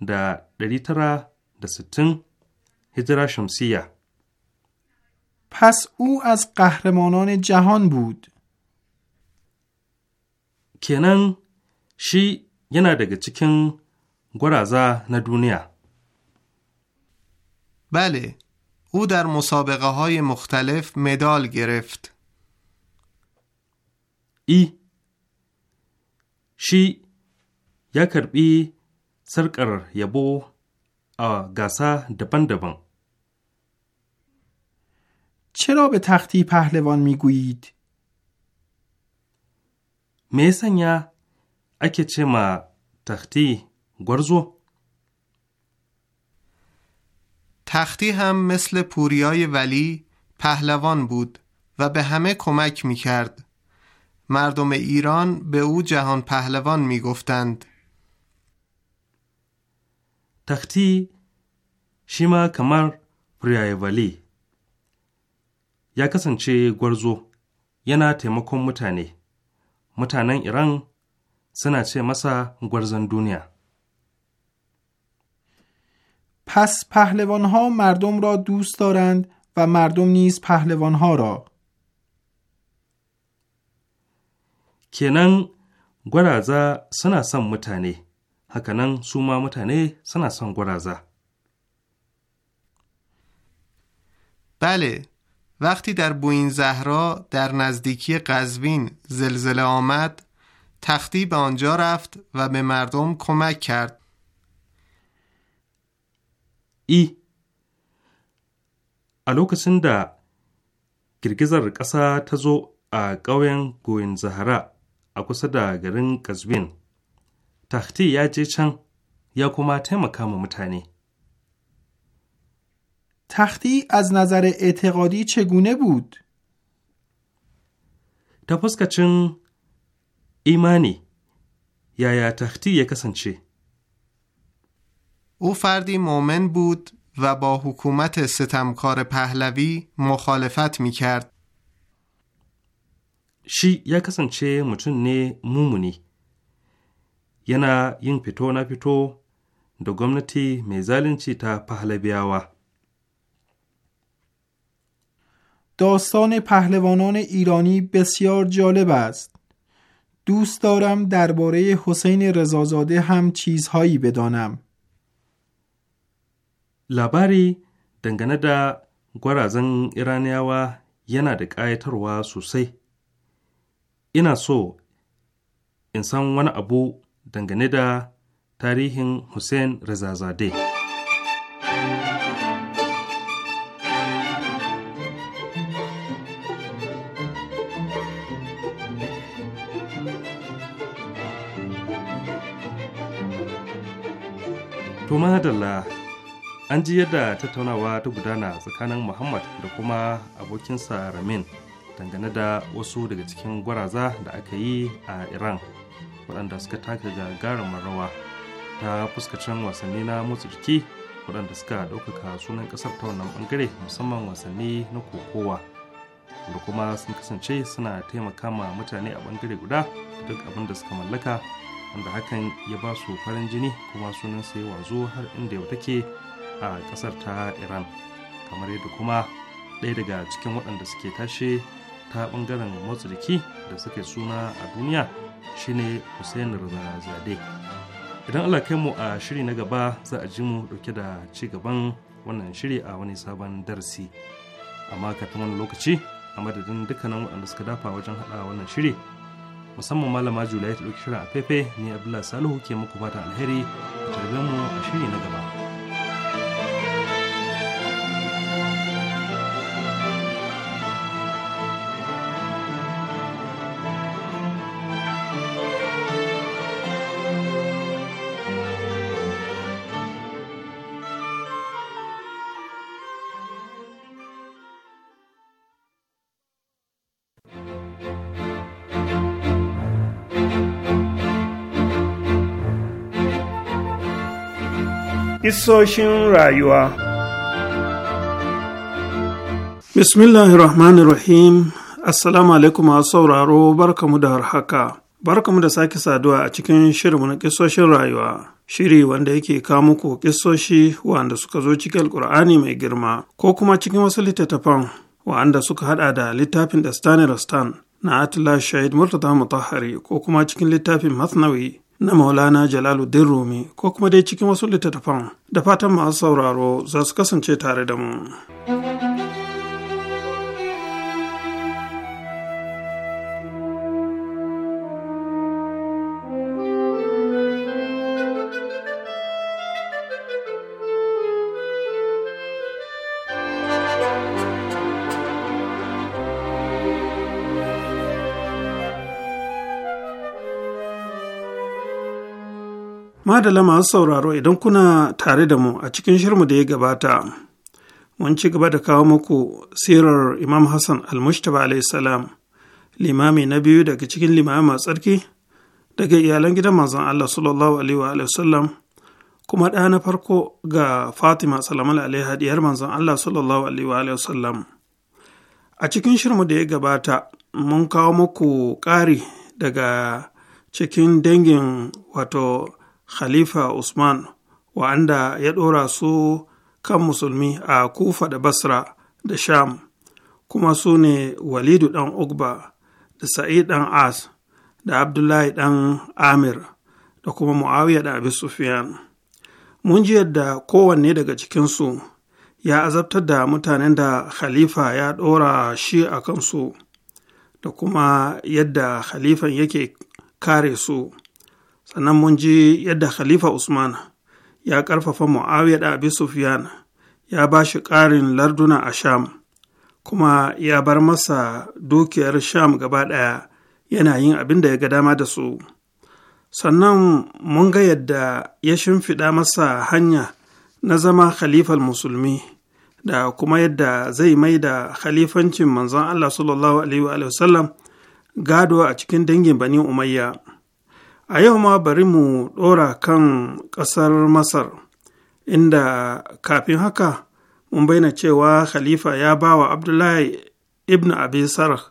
da 1960 هجرا شمسیه پس او از قهرمانان جهان بود کنن شی ینا دگه چکن گرازه ندونیه بله او در مسابقه های مختلف مدال گرفت ای شی یا کربی سرکر یبو دبن دبن چرا به تختی پهلوان میگویید؟ میسن یا اکه چه ما تختی گرزو؟ تختی هم مثل پوریای ولی پهلوان بود و به همه کمک می کرد. مردم ایران به او جهان پهلوان می گفتند. تختی شیما کمر پوریای ولی یا کسانچه گرزو ینا تیمکن متانه متانن ایران سنا چه مسا گرزن دنیا پس پهلوانها مردم را دوست دارند و مردم نیز پهلوانها را کنن گرازا سنا سم متانه هکنن سوما متانه سنا بله وقتی در بوین زهرا در نزدیکی قزوین زلزله آمد تختی به آنجا رفت و به مردم کمک کرد I. E. a lokacin da girgizar ƙasa ta zo a ƙauyen goyin zahara a kusa da garin Qazvin, tahti ya je can ya kuma taimaka ma mutane. تختی از نظر اعتقادی چگونه بود؟ ta fuskacin imani yaya tahti ya kasance? او فردی مؤمن بود و با حکومت ستمکار پهلوی مخالفت می کرد. شی یا چه متون نه مومونی yana نا پیتو پیتو fito da gwamnati چی تا پهلوی آوا. داستان پهلوانان ایرانی بسیار جالب است. دوست دارم درباره حسین رضازاده هم چیزهایی بدانم. labari dangane da gwarazan Iraniyawa yana da ƙayatarwa sosai. Ina so in san wani abu dangane da tarihin Hussein Rezazadeh. To madalla an ji yadda tattaunawa ta gudana tsakanin muhammad da kuma abokinsa ramin dangane da wasu daga cikin gwaraza da aka yi a iran waɗanda suka taka garin rawa ta fuskacin wasanni na motsa jiki waɗanda suka ɗaukaka sunan ƙasar ta wannan ɓangare musamman wasanni na kokowa da kuma sun kasance suna taimaka ma mutane a ɓangare guda duk abin da suka mallaka wanda hakan ya ba su farin jini kuma sunan sai wazo har inda yau take a ƙasar ta iran kamar yadda kuma ɗaya daga cikin waɗanda suke tashe ta ɓangaren motsa jiki da suke suna a duniya shine hussein razade idan allah kai mu a shiri na gaba za a ji mu ɗauke da ci gaban wannan shiri a wani sabon darasi amma ka kafin wani lokaci a madadin dukkanin waɗanda suka dafa wajen haɗa wannan shiri musamman malama julai ta ɗauki shirin a fefe ni abdullahi salihu ke muku fatan alheri a tarbe mu a shiri na gaba Isoshin rayuwa Bismillahirrahmanirrahim Assalamu alaikum a sauraro barkamu da harhaka. Barkamu da sake saduwa a cikin shirinmu na kisoshin rayuwa. Shiri wanda yake kawo muku kisoshi wanda suka zo cikin Alkur'ani mai girma ko kuma cikin wasu littattafan wanda suka hada da littafin da Stanley Rostan na Atila Shahid murtata Mutahari ko kuma cikin littafin Masnawi na maulana jalaluddin rumi ko kuma dai cikin wasu littattafan da fatan masu sauraro za su kasance tare da mu. Madala masu sauraro idan kuna tare da mu a cikin shirmu da ya gabata, mun ci gaba da kawo muku sirar Imam Hassan al-Mushtaba salam limami na biyu daga cikin limami masu tsarki daga iyalan gidan manzon Allah sallallahu alaihi wa sallam kuma ɗaya na farko ga Fatima salamal alaiha diyar manzon Allah sallallahu alaihi wa A cikin shirmu da ya gabata mun kawo muku ƙari daga cikin dangin wato khalifa usman wa'anda ya ɗora su kan musulmi a kufa da basra da sham kuma su ne walidu ɗan ugba da sa'id ɗan as da abdullahi ɗan amir da kuma muawiya da abi sufyan mun ji yadda kowanne daga cikinsu ya azabtar da mutanen da khalifa ya ɗora shi a kansu da kuma yadda khalifan yake kare su sannan mun ji yadda khalifa usman ya ƙarfafa muawiya da abi sufyan ya ba shi ƙarin larduna a sham kuma ya bar masa dukiyar sham gaba ɗaya yana yin abin da ya ga dama da su sannan mun ga yadda ya shimfiɗa masa hanya na zama khalifar musulmi da kuma yadda zai mai da khalifancin manzon Allah sallallahu alaihi wa gado a cikin dangin bani umayya A yau ma bari mu ɗora kan ƙasar Masar, inda kafin haka mun bayyana cewa Khalifa ya ba wa Abdullahi ibn Abi kuɗaɗen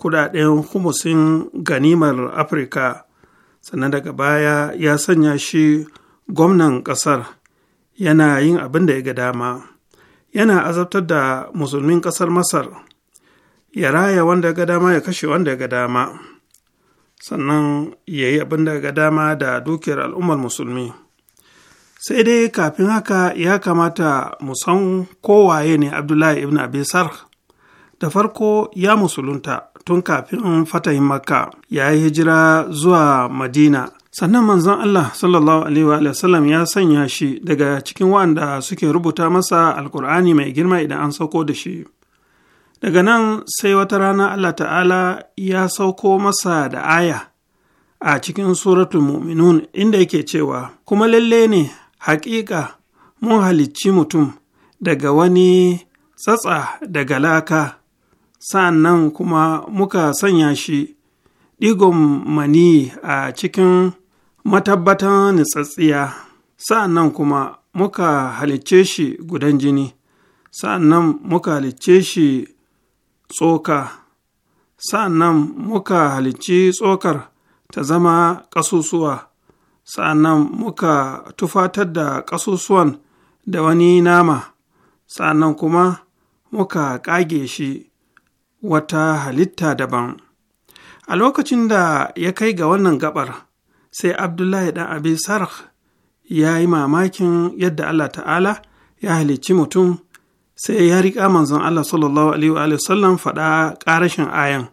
kudaden humusin ganimar Afirka, sannan daga baya ya sanya shi gwamnan ƙasar yana yin abin da ya ga dama, yana azabtar da musulmin ƙasar Masar, ya raya wanda ga dama ya kashe wanda ya ga dama. sannan ya yi abin da ga dama da dukiyar al'ummar musulmi sai dai kafin haka ya kamata mu san kowaye ne abdullahi ibn abi da farko ya musulunta tun kafin fatahin makka ya yi hijira zuwa madina sannan manzon allah sallallahu alaihi wa sallam ya sanya shi daga cikin waɗanda suke rubuta masa alkur'ani mai girma idan an sauko da shi daga nan sai wata rana Allah ta'ala ya sauko masa da aya a cikin suratul mu'minun inda yake cewa kuma lalle ne haƙiƙa mun halicci mutum daga wani tsatsa daga laka sa'an nan kuma muka sanya shi ɗigon mani a cikin matabbatan nitsatsiya sa'an nan kuma muka halicce shi gudan jini sa'an nan muka halicce shi tsoka sa'an muka halicci tsokar ta zama ƙasusuwa sa'an muka tufatar da ƙasusuwan da wani nama sa'an kuma muka ƙage shi wata halitta daban a lokacin da ya kai ga wannan gabar sai abdullahi ɗan abi sarh ya yi mamakin yadda allah ta'ala ya halicci mutum sai ya riƙa manzon Allah sallallahu alaihi wa sallam faɗa ƙarashin ayan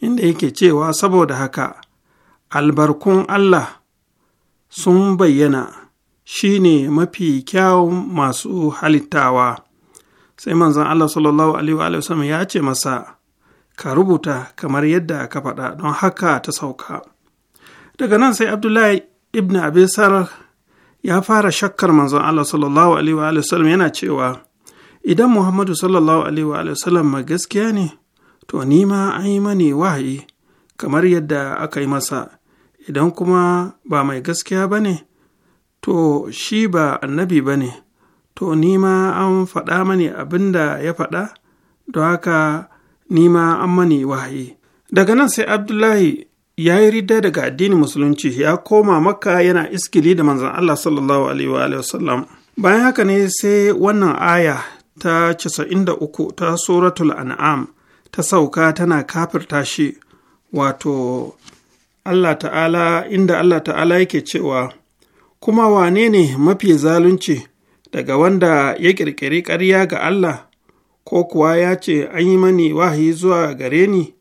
inda yake cewa saboda haka albarkun Allah sun bayyana shi ne mafi kyawun masu halittawa sai manzon Allah sallallahu alaihi wa sallam ya ce masa ka rubuta kamar yadda ka faɗa don haka ta sauka daga nan sai abdullahi ibn abisar ya fara shakkar manzon Allah sallallahu alaihi wa sallam yana cewa idan muhammadu sallallahu alaihi wasallam ma gaskiya ne to ni ma an yi mani wahayi kamar yadda aka yi masa idan kuma ba mai gaskiya ba ne to shi ba annabi ba ne to ni ma an faɗa mani abin da ya faɗa don haka ni ma an mani wahayi daga nan sai abdullahi ya yi ridda daga addinin musulunci ya koma makka yana iskili da manzan allah sallallahu alaihi wa bayan haka ne sai wannan aya ta casa'in da uku ta suratul an'am ta sauka tana kafirta shi wato Allah ta'ala inda Allah ta'ala yake cewa kuma wane ne mafi zalunci daga wanda ya ƙirƙiri ƙarya ga Allah ko kuwa ya ce an yi mani wahayi zuwa gare ni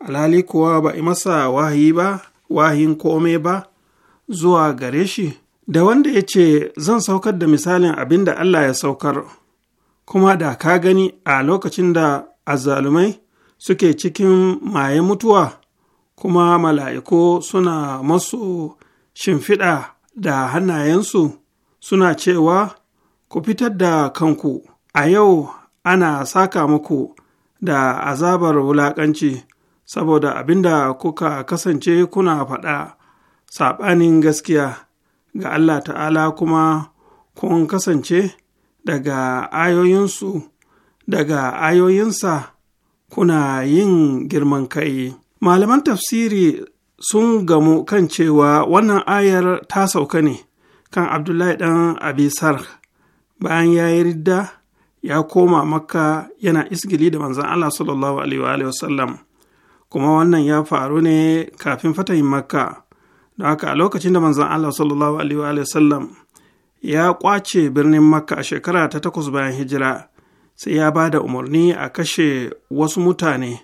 alhali kuwa ba yi masa wahayi ba wahayin kome ba zuwa gare shi da wanda ya ce zan saukar da misalin abin da Allah ya saukar kuma da ka gani a lokacin da azzalumai suke cikin maye mutuwa kuma mala'iku suna masu shimfiɗa da hannayensu suna cewa ku fitar da kanku a yau ana saka muku da azabar wulaƙanci saboda abinda kuka kasance kuna faɗa saɓanin gaskiya ga Allah ta'ala kuma kun kasance daga ayoyinsu daga ayoyinsa kuna yin girman kai malaman tafsiri sun gamu kan cewa wannan ayar ta sauka ne kan abdullahi ɗan abisar bayan ya yi ridda ya koma makka yana isgili da manzan allah sallallahu alaihi wasallam kuma wannan ya faru ne kafin fatahin makka Da haka a lokacin da manzan allah sallallahu alaihi wasallam ya kwace birnin makka a shekara ta takwas bayan hijira sai ya ba da umarni a kashe wasu mutane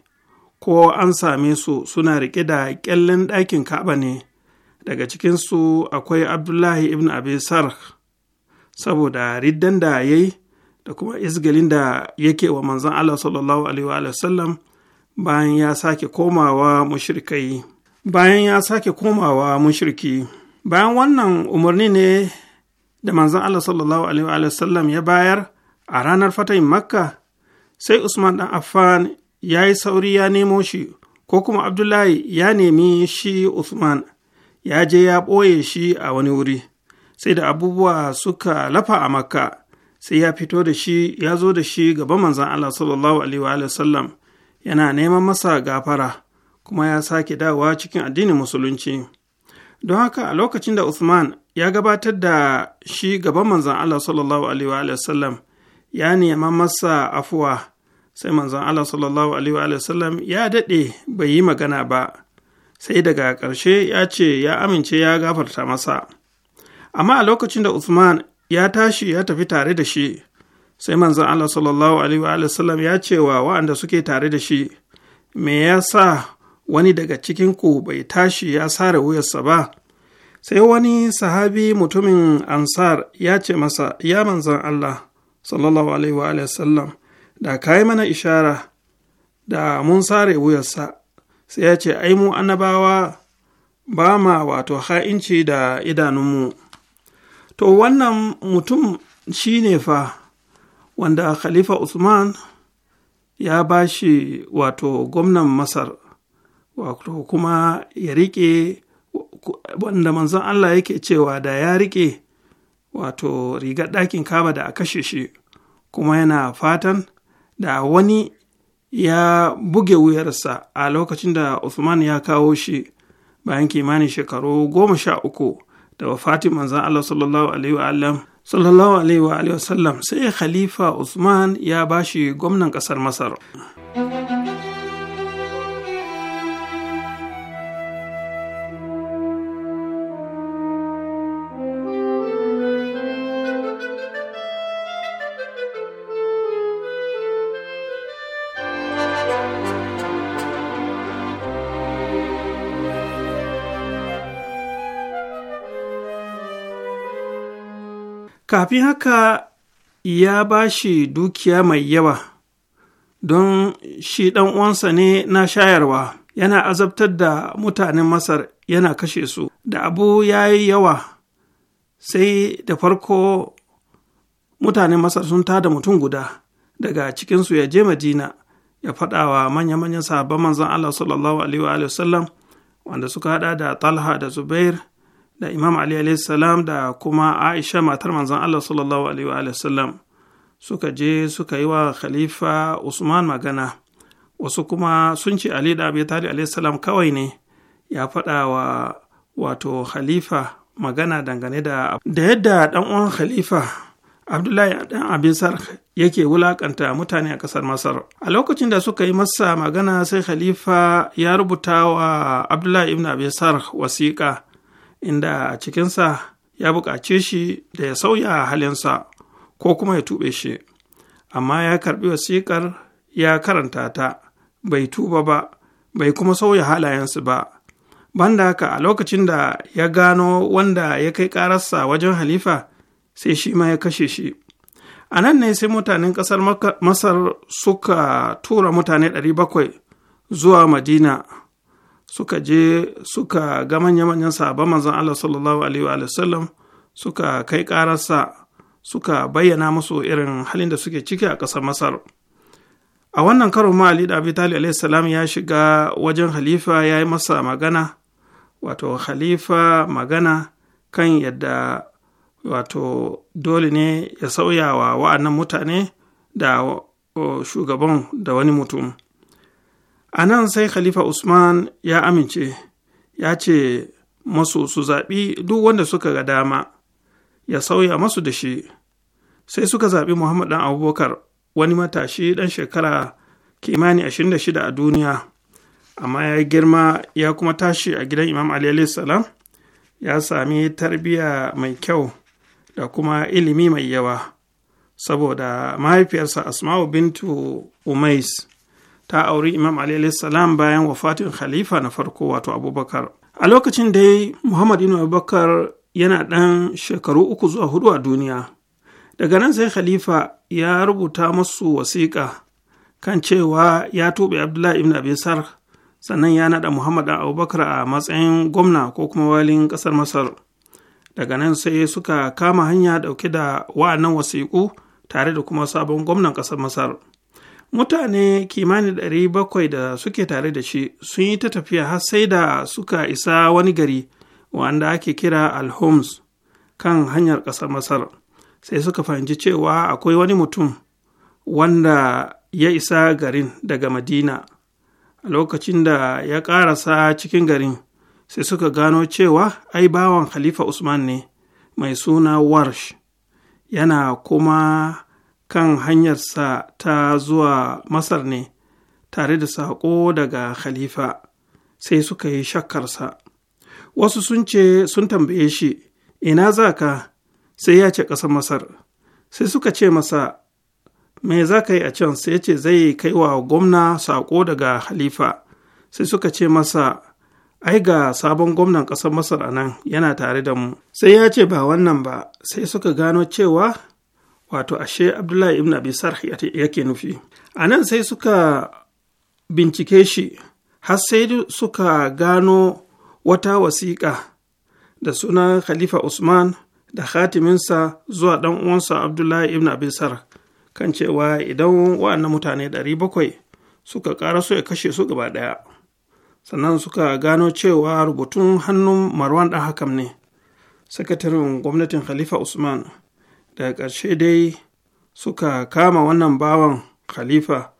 ko an same su suna riƙe da ƙyallen ɗakin kaɓa ne daga cikinsu akwai abdullahi ibn abisar saboda riddan da ya yi da kuma izgalin da yake wa manzan allah sallallahu alaihi wa sallam bayan ya sake komawa mushrikai bayan ya sake komawa mushriki bayan wannan umarni ne da manzan Allah sallallahu alaihi wa sallam ya bayar a ranar fatayin Makka sai Usman ɗan Affan ya yi sauri ya nemo shi ko kuma Abdullahi ya nemi shi Usman ya je ya ɓoye shi a wani wuri sai da abubuwa suka lafa a Makka sai ya fito da shi ya zo da shi gaban manzon Allah sallallahu alaihi wa sallam yana neman masa gafara kuma ya sake dawowa cikin addinin musulunci. Don haka a lokacin da Usman ya gabatar da shi gaban manzan Allah sallallahu alaihi wa sallam ya nema masa afuwa sai manzan Allah sallallahu alaihi wa sallam ya daɗe bai yi magana ba sai daga ƙarshe ya ce ya amince ya gafarta masa amma a lokacin da Usman ya tashi ya tafi tare da shi sai manzan Allah sallallahu alaihi wa sallam ya ce wa waɗanda suke tare da shi me ya sa wani daga cikinku bai tashi ya sare wuyarsa ba sai wani sahabi mutumin ansar ya ce masa ya manzan Allah sallallahu alaihi wa sallam da kayi mana ishara da mun sare wuyarsa sai ya ce ai mu annabawa ba ma wato ha'inci da idanunmu to wannan mutum shi ne fa wanda khalifa usman ya ba shi wato gwamnan masar wato kuma ya riƙe wanda manzon Allah yake cewa da ya rike wato rigar ɗakin kaba da a kashe shi kuma yana fatan da wani ya buge wuyarsa a lokacin da Usman ya kawo shi bayan kimanin shekaru goma sha uku da wafatin manzan Allah sallallahu alaihi sallallahu alaihi wa sallam sai khalifa Usman ya bashi gwamnan ƙasar Masar. kafin haka ya ba shi dukiya mai yawa don shi ɗan uwansa ne na shayarwa yana azabtar da mutanen masar yana kashe su da abu ya yi yawa sai da farko mutanen masar sun tada mutum guda daga cikinsu ya je madina ya faɗa wa manya-manyan sahabban manzon allah sallallahu alaihi wa sallam wanda suka haɗa da talha da zubair da imam ali salam da kuma aisha matar manzon allah sallallahu alaihi suka je suka yi wa khalifa usman magana wasu kuma sun ce ali da abi talib salam kawai ne ya faɗa wa wato khalifa magana dangane da da yadda ɗan uwan khalifa abdullahi ɗan abin yake wulaƙanta mutane a ƙasar masar a lokacin da suka yi masa magana sai khalifa ya rubuta wa abdullahi ibn Abisar wasiƙa inda a cikinsa ya buƙace shi da ya sauya halinsa ko kuma ya tuɓe shi amma ya karɓi wasiƙar ya karanta ta bai tuba ba bai kuma sauya halayensu ba banda haka a lokacin da ya gano wanda ya kai ƙararsa wajen halifa sai shi ma ya kashe shi a nan ne sai mutanen ƙasar masar suka tura mutane 700 zuwa madina suka je suka ga manya-manyan sahabban manzon Allah sallallahu alaihi wa sallam suka kai ƙararsa suka bayyana musu irin halin da suke ciki a ƙasar Masar. A wannan karo ma Ali da Abi Talib salam ya shiga wajen Khalifa ya yi masa magana, wato Halifa magana kan yadda wato dole ne ya sauya wa wa'annan mutane da shugaban da wani mutum. a nan sai khalifa usman ya amince ya ce masu su zaɓi duk wanda suka ga dama ya sauya masu da shi sai suka zaɓi muhammad ɗan abubakar wani matashi ɗan shekara kimani 26 a duniya amma ya girma ya kuma tashi a gidan imam ali salam ya sami tarbiyya mai kyau da kuma ilimi mai yawa saboda mahaifiyarsa asma'u bintu umais ta auri imam ali salam bayan wafatin khalifa na farko wato abubakar a lokacin da muhammad ibn abubakar yana ɗan shekaru uku zuwa hudu a duniya daga nan sai khalifa ya rubuta masu wasiƙa kan cewa ya tuɓe abdullahi ibn abisar sannan ya naɗa muhammad abubakar a matsayin gwamna ko kuma walin ƙasar masar daga nan sai suka kama hanya ɗauke da wa'annan wasiƙu tare da kuma sabon gwamnan ƙasar masar mutane kimanin ɗari bakwai da suke tare da shi sun yi ta tafiya har sai da suka isa wani gari wanda ake kira alhoms kan hanyar ƙasar masar sai suka fahimci cewa akwai wani mutum wanda ya isa garin daga madina a lokacin da ya ƙarasa cikin garin sai suka gano cewa ai bawan khalifa usman ne mai suna warsh yana kuma kan hanyarsa ta zuwa Masar ne tare da saƙo daga Khalifa, sai suka yi shakkarsa. Wasu sun ce sun tambaye shi, Ina za ka? Sai ya ce ƙasar Masar. Sai suka ce masa, Me za ka yi a can? Sai ce zai kai wa gwamna saƙo daga Khalifa. Sai suka ce masa, ai ga sabon gwamnan ƙasar masar a nan yana tare da mu sai ya ce ba wannan ba sai suka gano cewa wato ashe abdullahi ibn abi sarh yake nufi a nan sai suka bincike shi har sai suka gano wata wasiƙa da sunan khalifa usman da khatiminsa zuwa ɗan uwansa abdullahi ibn abi sarh kan cewa idan na mutane 700 suka ƙara so ya kashe su gaba ɗaya sannan suka gano cewa rubutun hannun marwan ɗan hakan ne sakataren gwamnatin khalifa usman da ƙarshe dai suka kama wannan bawan khalifa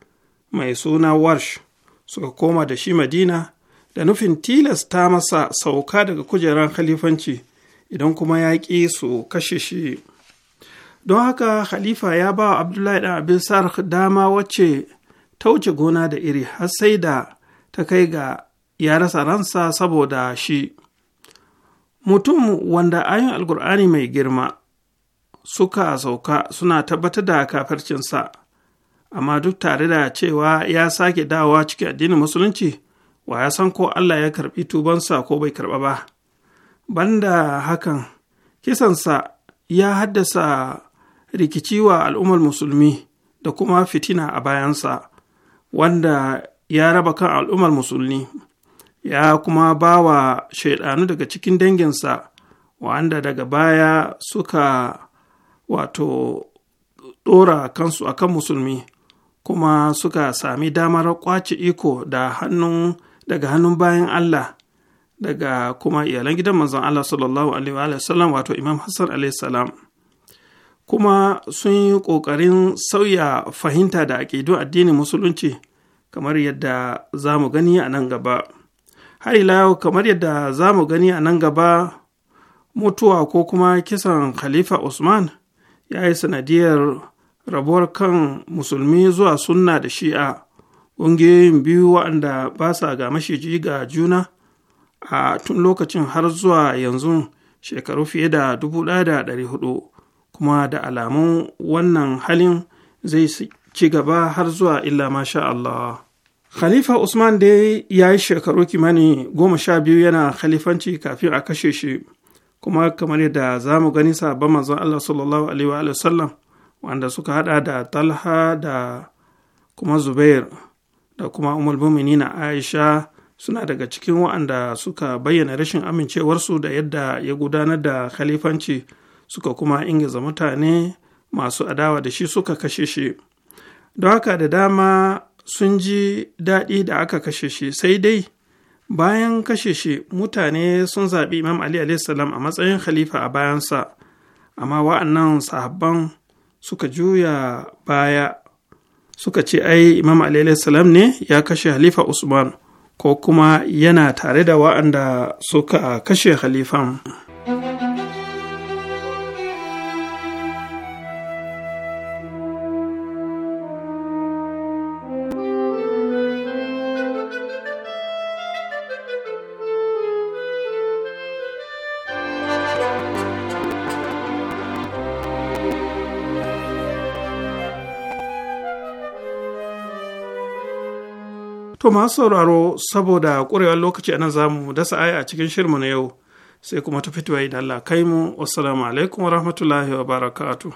mai suna warsh suka koma da shi madina da nufin tilasta masa sauka daga kujerar khalifanci idan kuma ya ƙi su kashe shi don haka khalifa ya ba wa abdullahi ɗan abin sarh dama wacce ta wuce gona da iri har sai da ta kai ga ya rasa ransa saboda shi mutum wanda ayin alkur'ani mai girma suka sauka suna tabbatar da kafircinsa amma duk tare da cewa ya sake dawowa cikin addinin musulunci wa ya san ko Allah ya karbi tubansa ko bai karba ba banda hakan kisansa ya haddasa rikici wa al'ummar musulmi da kuma fitina a bayansa wanda ya raba kan al'ummar musulmi ya kuma ba wa daga cikin danginsa wanda daga baya suka wato ɗora kansu akan musulmi kuma suka sami damar kwace iko da hannun daga hannun bayan Allah daga kuma iyalan gidan manzon Allah sallallahu alaihi wa sallam wato Imam Hassan alaihi salam kuma sun yi ƙoƙarin sauya fahimta da aƙidu addinin musulunci kamar yadda za mu gani a nan gaba har ila yau kamar yadda za mu gani a nan gaba mutuwa ko kuma kisan khalifa usman ya yi sanadiyar rabuwar kan musulmi zuwa sunna da shi'a ƙungiyoyin biyu waɗanda ba sa ga mashiji ga juna a tun lokacin har zuwa yanzu shekaru fiye da dubu da ɗari hudu kuma da alamun wannan halin zai ci gaba har zuwa illa masha Allah. Khalifa Usman dai ya yi shekaru kimanin goma sha biyu yana khalifanci kafin a kashe shi. kuma kamar yadda za mu gani sabon manzon Allah sallallahu alaihi wa sallam wanda suka hada da talha da kuma zubair da kuma umar na aisha suna daga cikin waɗanda suka bayyana rashin amincewarsu da yadda ya gudanar da khalifanci suka kuma ingiza mutane masu adawa da shi suka kashe shi don haka da dama sun ji daɗi da aka kashe shi sai dai bayan kashe shi mutane sun zaɓi imam ali salam a matsayin khalifa a bayansa amma wa'annan sahabban suka juya baya suka ce ai imam ali salam ne ya kashe khalifa usman ko kuma yana tare da wa'anda suka kashe khalifan. To masu sauraro saboda ƙurewar lokaci nan za mu dasa aya a cikin shirmu na yau sai kuma ta fitowa idan Allah kai mu. Wassalamu alaikum wa rahmatullahi wa barakatu.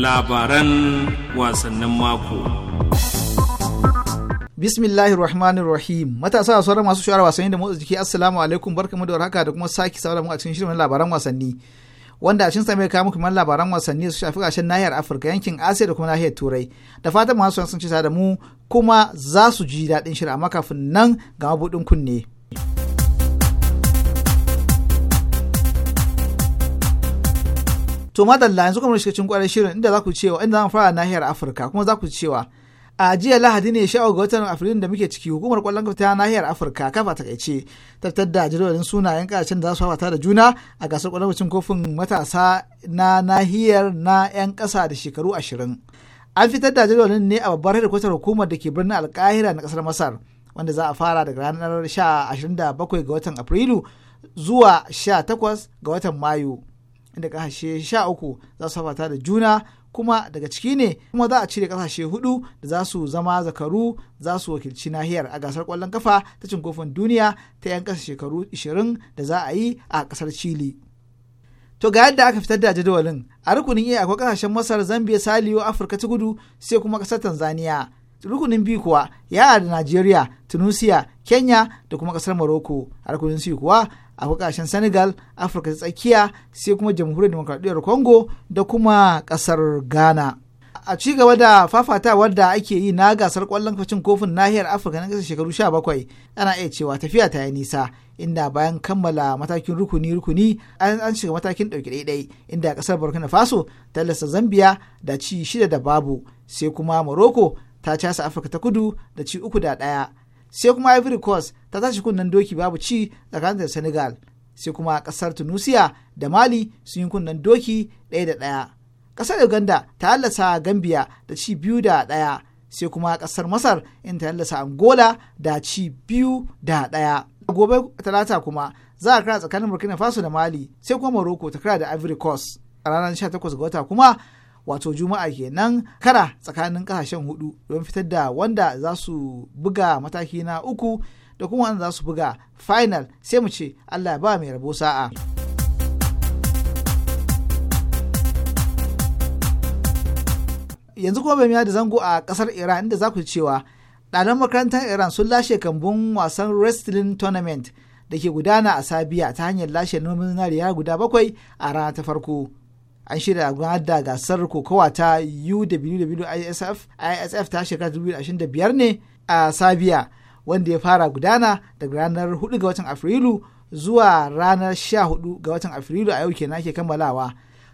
labaran wasannin mako. Bismillahir Rahmanir Rahim. Matasa da sauran masu shawara wasanni da motsa jiki Assalamu alaikum barkamu da warhaka da kuma saki saurara mu a cikin shirin labaran wasanni. Wanda a cikin sa mai kawo muku man labaran wasanni su shafi gashin nahiyar Afirka yankin Asiya da kuma nahiyar Turai. Da fatan masu sun ci da mu kuma za su ji daɗin shirin amma kafin nan ga mabuɗin kunne. to madalla yanzu kuma cikin kwarar shirin inda za ku cewa inda za mu fara nahiyar afirka kuma za ku cewa a jiya lahadi ne sha'awar ga watan afirin da muke ciki hukumar kwallon kafa ta nahiyar afirka kafa ta kaice tattar da jadawalin sunayen kasashen da za su fafata da juna a gasar kwallon kafa kofin matasa na nahiyar na 'yan kasa da shekaru ashirin an fitar da jadawalin ne a babbar hedikwatar hukumar da ke birnin alkahira na kasar masar wanda za a fara daga ranar sha ashirin da bakwai ga watan afrilu zuwa sha takwas ga watan mayu inda kasashe sha uku za su fata da juna kuma daga ciki ne kuma za a cire kasashe hudu da za su zama zakaru za su wakilci nahiyar a gasar kwallon kafa ta cin kofin duniya ta yan kasa shekaru 20 da za a yi a kasar chile to ga yadda aka fitar da jadawalin a rukunin a akwai kasashen masar zambia saliyo afirka ta gudu sai kuma kasar tanzania rukunin biyu kuwa ya da najeriya tunisia kenya da kuma kasar morocco a rukunin su kuwa a kasashen senegal afirka ta tsakiya sai kuma jamhuriyar demokradiyyar congo da kuma kasar ghana a ci gaba da fafata wadda ake yi na gasar kwallon kacin kofin nahiyar afirka na kasa shekaru sha bakwai ana iya cewa tafiya ta yi nisa inda bayan kammala matakin rukuni rukuni an shiga matakin ɗauki ɗaiɗai inda kasar burkina faso ta lasa zambia da ci shida da babu sai kuma morocco ta casa afirka ta kudu da ci uku da ɗaya sai kuma ivory coast ta tashi kunnen doki babu ci tsakanin da senegal sai kuma kasar tunisia da mali sun yi kunnen doki ɗaya da ɗaya kasar uganda ta hallasa gambia da ci biyu da ɗaya sai kuma kasar masar in ta hallasa angola da ci biyu da ɗaya gobe talata kuma za a kara tsakanin burkina faso da mali sai kuma morocco ta kira da ivory coast a ranar 18 ga wata kuma wato juma'a kenan kara tsakanin kasashen hudu don fitar da wanda za su buga mataki na uku da kuma wanda za su buga final sai mu ce allah ba mai rabo sa'a yanzu kuma bai da zango a kasar iran inda za ku cewa ɗaliban makarantar iran sun lashe kambun wasan wrestling tournament da ke gudana a sabiya ta hanyar lashe nomin zinariya guda bakwai a rana ta farko an shirya gudanar gasar kokowa ta UWWISF ISF ta shekarar 2025 ne a Sabiya wanda ya fara gudana daga ranar 4 ga watan Afrilu zuwa ranar 14 ga watan Afrilu a yau kenan ake kammalawa.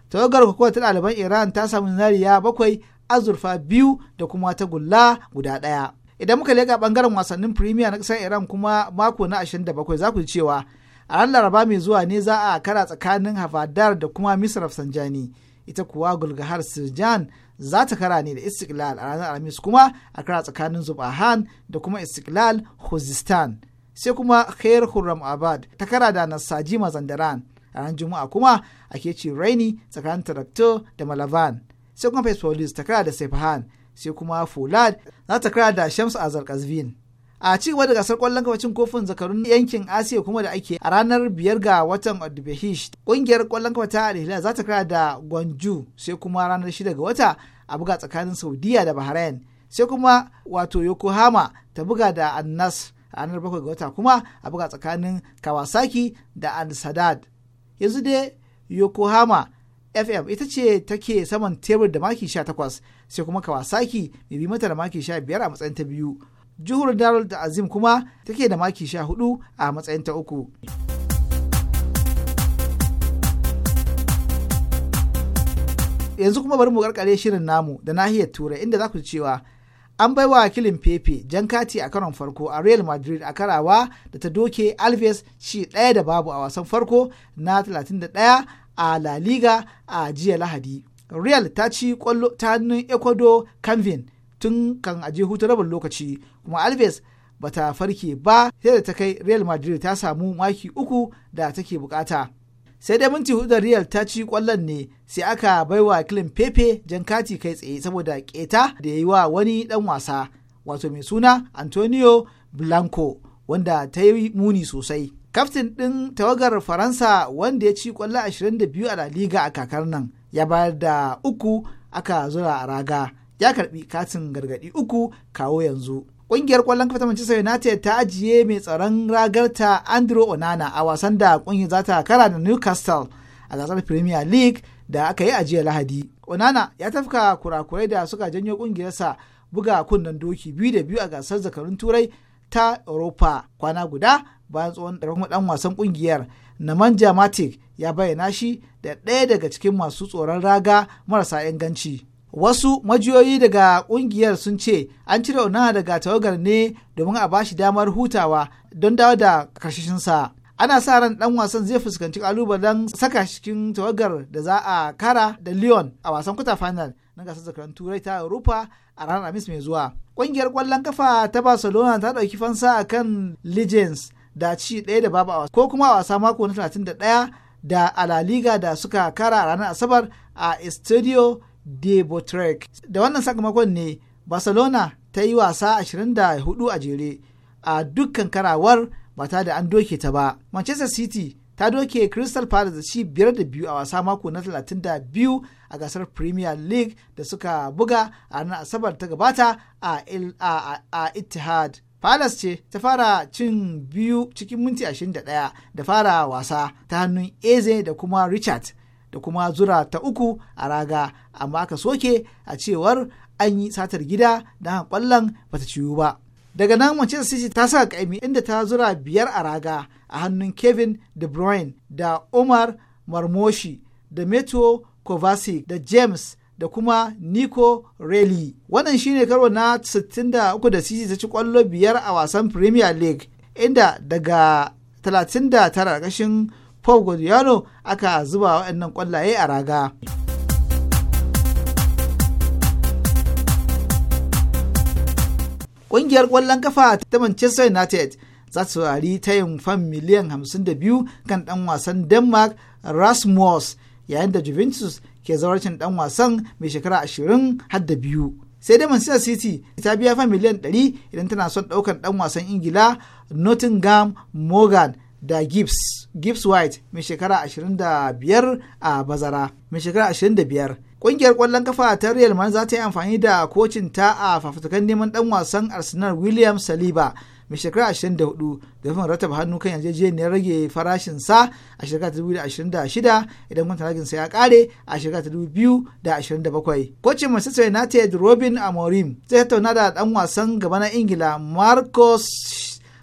Tawagar kokowa ta ɗaliban Iran ta samu zinariya bakwai azurfa biyu da kuma ta gulla guda ɗaya. Idan muka leƙa ɓangaren wasannin Premier na ƙasar Iran kuma mako na 27 za ku ji cewa a ran laraba mai zuwa ne za a kara tsakanin hafadar da kuma misr sanjani. ita kuwa gulgahar sirjan za ta kara ne da istiklal a ranar alhamis kuma a kara tsakanin zubahan da kuma istiklal khuzistan sai kuma khair hurram abad ta kara da nasaji mazandaran a ran juma'a kuma ake ci raini tsakanin tarakto da malavan sai kuma fesfolis ta kara da saifahan sai kuma fulad za ta kara da shams azal kazvin a ci gaba da gasar kwallon kafacin kofin zakarun yankin asiya kuma da ake a ranar biyar ga watan odbehish kungiyar kwallon kafa ta alhila za ta kara da gwanju sai kuma ranar shida ga wata a buga tsakanin saudiya da bahrain sai kuma wato yokohama ta buga da annas ranar bakwai ga wata kuma a buga tsakanin kawasaki da ansadad yanzu dai yokohama fm ita ce take saman tebur da maki 18 sai kuma kawasaki mai bi mata da maki 15 a matsayin ta biyu Juhur Darul Azim kuma take da maki sha hudu a matsayin ta uku. yanzu kuma bari mu karkare shirin namu da nahiyar turai inda za ku ji cewa an bai wa wakilin pepe jan kati a karon farko a real madrid a karawa da ta doke alves ci ɗaya da babu a wasan farko na 31 a la liga a jiya lahadi real ta ci kwallo ta hannun ecuador canvin tun kan ajiye hutu rabin lokaci kuma alves ba ta farke ba sai da ta kai real madrid ta samu maki uku da take bukata sai dai minti hudu da real ta ci kwallon ne sai aka baiwa kilin pepe jan kati kai tsaye saboda keta da ya yi wa wani dan wasa wato mai suna antonio blanco wanda ta yi muni sosai kaftin ɗin tawagar faransa wanda ya ci kwallo 22 a la liga a kakar nan ya bayar da uku aka zura a raga ya karbi katin gargadi uku kawo yanzu ƙungiyar kwallon kafa ta Manchester United ta ajiye mai tsaron ragarta Andrew Onana a wasan da kungiyar za ta kara da Newcastle a gasar Premier League da aka yi a Lahadi. Onana ya tafka kurakurai da suka janyo kungiyarsa buga kunnen doki biyu da biyu a gasar zakarun Turai ta Europa kwana guda bayan tsohon ɗarfin ɗan wasan kungiyar Nemanja Matic ya bayyana shi da ɗaya daga cikin masu tsoron raga marasa inganci. wasu majiyoyi daga kungiyar sun ce an cire onana daga tawagar ne domin a bashi damar hutawa don dawo da karshishinsa ana sa ran dan wasan zai fuskanci kalubalen saka cikin tawagar da za a kara da leon a wasan kwata final na gasar zakaran turai ta europa a ranar amis mai zuwa ƙungiyar ƙwallon kafa ta barcelona ta ɗauki fansa a kan legends da ci ɗaya da babu a ko kuma a wasa mako na talatin da ɗaya da alaliga da suka kara a ranar asabar a estadio de Botrek. Da wannan sakamakon ne Barcelona ta yi wasa 24 a jere a dukkan karawar ba ta da an doke ta ba. Manchester City ta doke Crystal Palace da ci biyar da biyu a wasa mako na 32 a gasar Premier League da suka buga a ranar Asabar ta gabata a, a Etihad. Palace ce ta fara cin biyu cikin minti 21 da fara wasa ta hannun Eze da kuma Richard. da kuma zura ta uku a raga amma aka soke a cewar an yi satar gida don kwallon bata ciwu ba daga nan manchester city ta sa kaimi inda ta zura biyar a raga a hannun kevin de bruyne da omar marmoshi da meto kovacic da james da kuma Nico reilly. Wannan shine karo na 63 da City ta ci kwallo biyar a wasan Premier League, inda daga 39 ƙarshen Paul Godiano aka zuba waɗannan ƙwallaye a raga. Ƙungiyar ƙwallon kafa ta Manchester United za ta yin tayin fan miliyan 52 kan ɗan wasan Denmark Rasmus yayin da Juventus ke zauracin ɗan wasan mai shekara 20 har da biyu. sai dai manchester city ta biya fan miliyan 100 idan tana son ɗaukar ɗan wasan ingila nottingham morgan da gibbs gibbs white mai shekara 25 a bazara mai shekara 25 Ƙungiyar ƙwallon kafa ta Real Madrid za ta yi amfani da kocin ta a fafutukan neman ɗan wasan Arsenal William Saliba mai shekara 24 da fin rataba hannu kan yarjejeniyar rage farashin sa a shekara 2026 idan kwanta ragin ya kare a shekara 2027. Kocin Manchester United Robin Amorim zai tattauna da dan wasan gaba na Ingila Marcus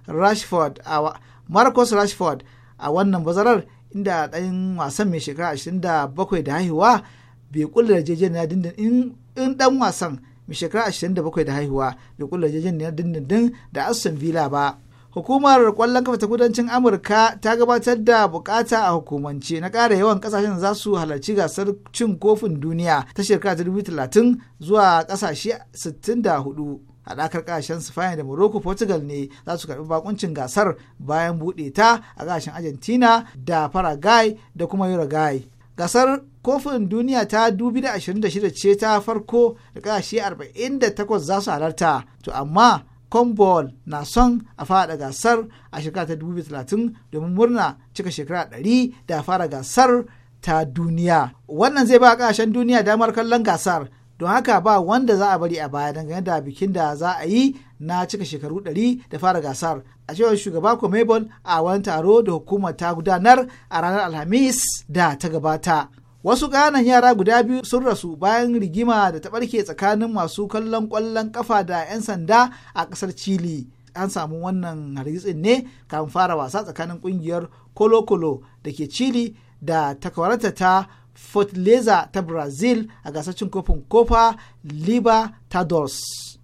Rashford a marcus rashford a wannan bazarar inda ɗayan wasan mai shekara 27 da haihuwa bai kula na dindin in ɗan wasan mai shekara 27 da haihuwa bai kula na dindindin da aston villa ba hukumar kwallon kafa ta kudancin amurka ta gabatar da bukata a hukumance na ƙara yawan kasashen za su halarci gasar cin kofin duniya ta shekara 2030 zuwa kasashe 64 haɗakar ƙasashen Spain da Morocco Portugal ne za su karɓi bakuncin gasar bayan buɗe ta a ƙasashen Argentina da Paraguay da kuma Uruguay. Gasar kofin duniya ta 2026 ce ta farko da ƙasashe 48 za su halarta to amma Conball na son a fara gasar a shekara ta 2030 domin murna cika shekara 100 da fara gasar ta duniya. Wannan zai ba ƙasashen duniya damar kallon gasar don haka ba wanda za a bari a baya dangane da bikin da za a yi na cika shekaru 100 da fara gasar a cewar shugaba komebol a wani taro da hukumar ta gudanar a ranar alhamis da ta gabata wasu ƙananan yara guda biyu sun rasu bayan rigima da ta ɓarke tsakanin masu kallon ƙwallon ƙafa da 'yan sanda a ƙasar chile an samu wannan hargitsin ne kafin fara wasa tsakanin ƙungiyar kolokolo da ke chile da takwarata ta fortaleza ta brazil a gasar cin kofin liva libertadores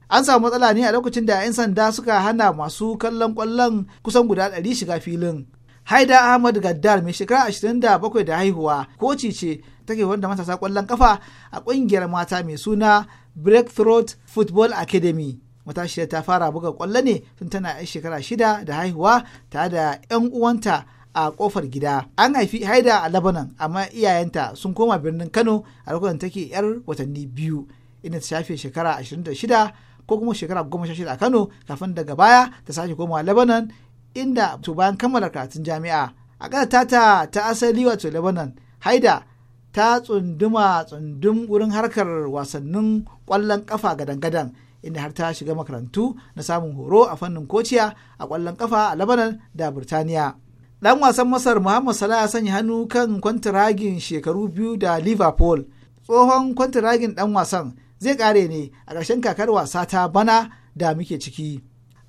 an samu matsala ne a lokacin da 'yan sanda suka hana masu kallon kwallon kusan guda ɗari shiga filin haida ahmad gaddar mai shekara 27 da haihuwa koci ce take wanda matasa kwallon kafa a kungiyar mata mai suna breakthroat football academy matashiyar ta fara buga kwallo ne tun tana 'yan shekara shida da haihuwa tare da 'yan uwanta a kofar gida an haifi haida a labanan amma iyayenta sun koma birnin kano a lokacin take yar watanni biyu inda ta shafe shekara 26 ko kuma shekara 16 a kano kafin daga baya ta sake komawa labanan inda to bayan kammala karatun jami'a a ƙasar tata ta asali wato Labanan, haida ta tsunduma tsundum wurin harkar wasannin kwallon kafa gadan-gadan inda har ta shiga makarantu na samun horo a fannin kociya a ƙwallon ƙafa a Labanan da birtaniya Ɗan wasan masar muhammad salah ya sanya hannu kan kwantiragin shekaru biyu da liverpool tsohon kwantiragin ɗan wasan zai kare ne a ƙarshen kakar wasa ta bana da muke ciki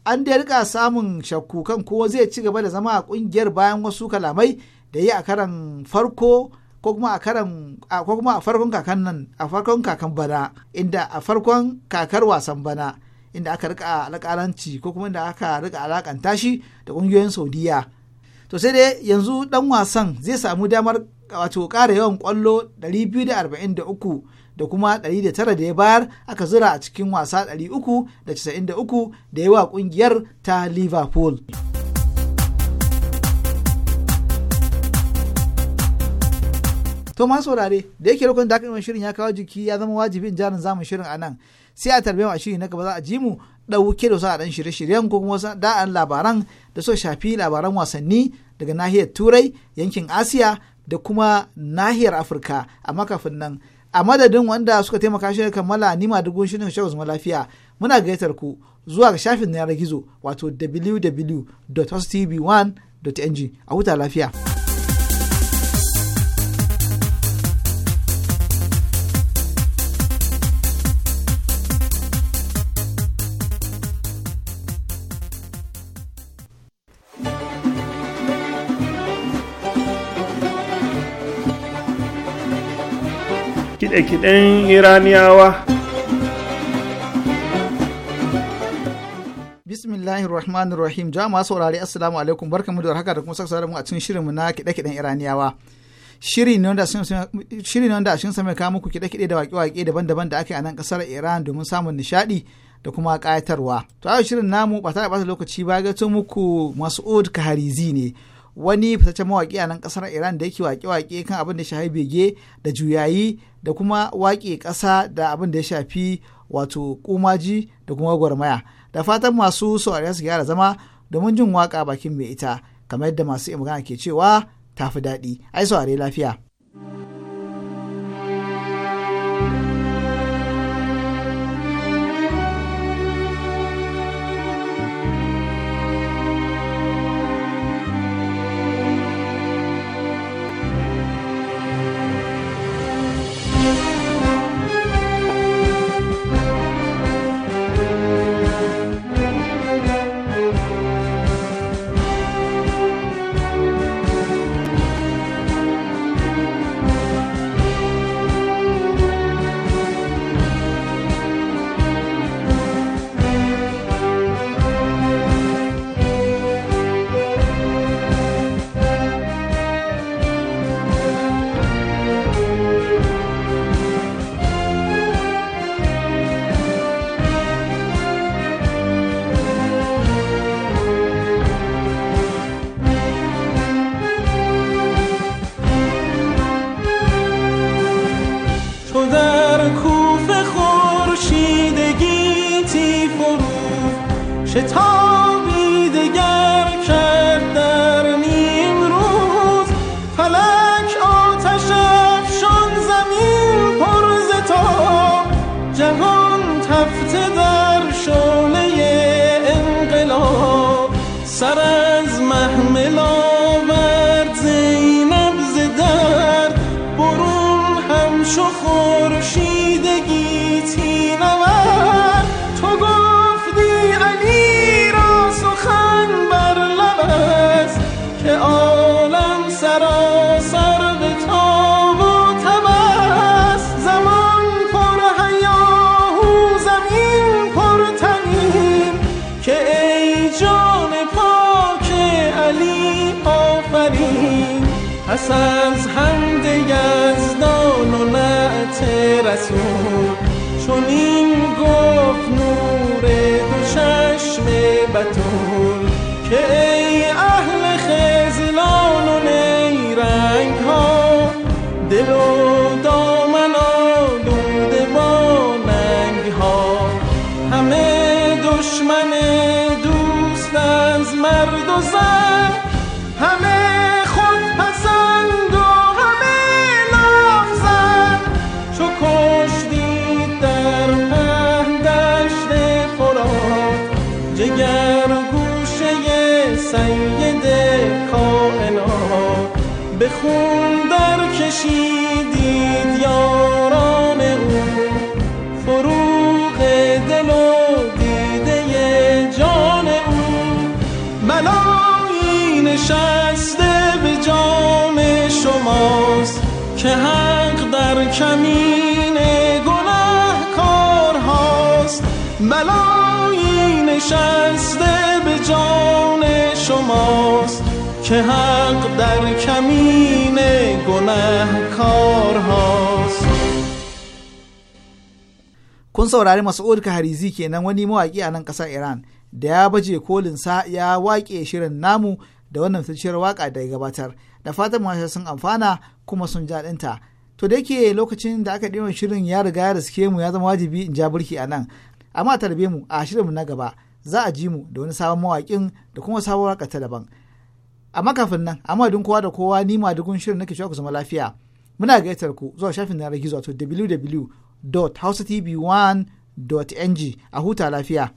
an da rika samun shakku kan ko zai ci gaba da zama a ƙungiyar bayan wasu kalamai da yi a karan farko ko kuma a farkon kakan nan a farkon kakan bana inda a farkon kakar wasan bana inda aka rika alƙalanci ko kuma inda aka rika alakanta shi da ƙungiyoyin saudiya to sai dai yanzu dan wasan zai samu damar wato kara yawan kwallo 243 da kuma 109 da ya bayar aka zura a cikin wasa 393 da ya wa ƙungiyar ta liverpool to ma saurare da yake rukun da aka shirin ya kawo jiki ya zama wajibin jarin zamun shirin a nan sai a tarbe a shiri na gaba za a ji mu ɗauke da wasu haɗin shirye-shiryen ko kuma da'an labaran da suka shafi labaran wasanni daga nahiyar turai yankin asiya da kuma nahiyar afirka a makafin nan a madadin wanda suka taimaka shi kammala nima dugun shirin shagos lafiya muna gaitar ku zuwa ga shafin yanar gizo wato wwwtv 1ng a huta lafiya. kiɗe-kiɗen iraniyawa bismillahir rahmanir rahim jama'a saurari assalamu alaikum barkamu da warhaka da kuma saka mu a cikin shirin mu na kiɗe-kiɗen iraniyawa shiri ne wanda a cikin samai kawo muku kiɗe-kiɗe da waƙe-waƙe daban-daban da aka yi a nan ƙasar iran domin samun nishaɗi da kuma ƙayatarwa to a shirin namu ba ta da ɓata lokaci ba gato muku mas'ud kaharizi ne wani fitaccen mawaƙi a nan ƙasar iran da yake waƙe-waƙe kan abin da shafi bege da juyayi da kuma waƙe ƙasa da abin da ya shafi wato kumaji da kuma gwarmaya da fatan masu saurari su gyara zama domin jin waƙa bakin mai ita kamar yadda masu iya magana ke cewa tafi daɗi ai saurari lafiya. شسته به جان شماست که حق در کمین گنه کار kun saurari Mas'ud hariziki kenan wani mawaƙi a nan ƙasar Iran da ya baje sa ya waƙe shirin namu da wannan fitacciyar waƙa da ya gabatar da fatan masu sun amfana kuma sun jaɗinta to da yake lokacin da aka ɗiba shirin ya riga ya riske mu ya zama wajibi in ja burki a nan amma tarbe mu a shirinmu na gaba za a ji mu da wani sabon mawaƙin da kuma sabon waka ta daban a makafin nan a madadin kowa da kowa ni ma dugun shirin nake cewa ku zama lafiya muna gayyatar ku zuwa shafin na gizo to www.hausatv1.ng a huta lafiya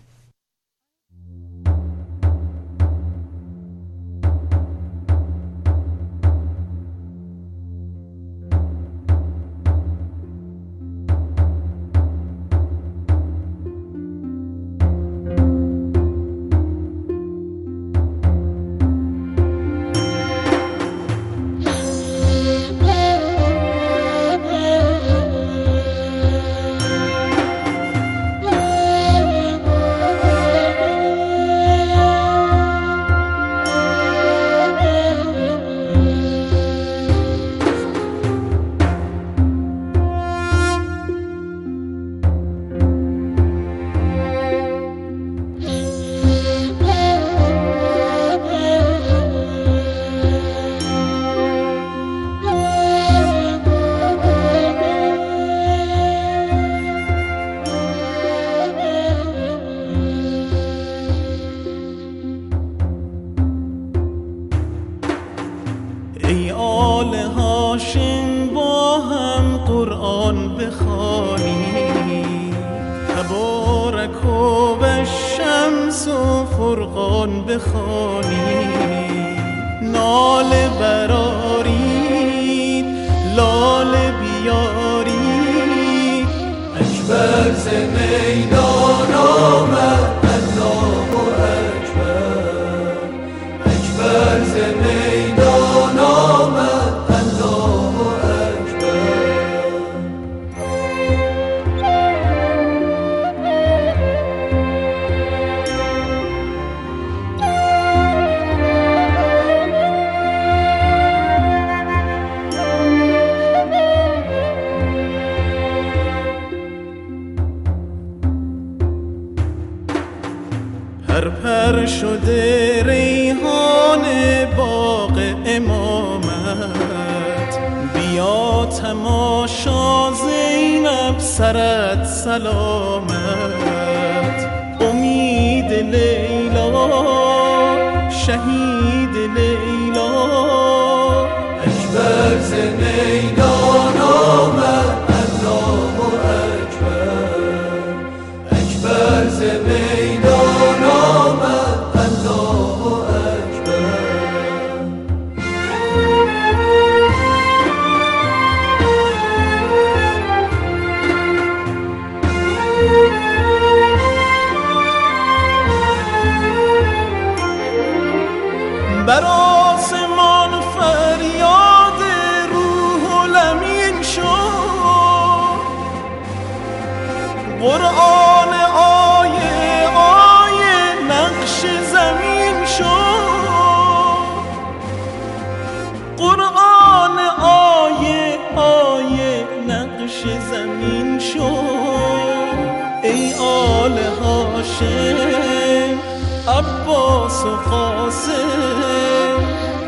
عباس و قاسم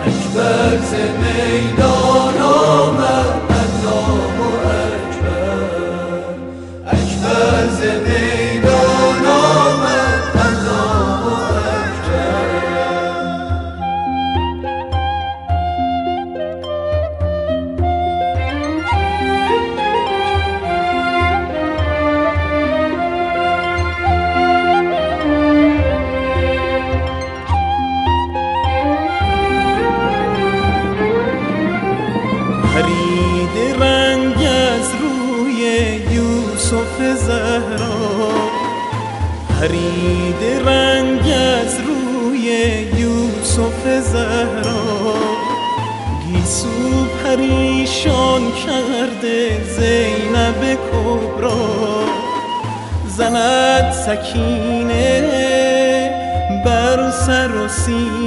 اکبر ز میدان آمد سکینه بر سر و سینه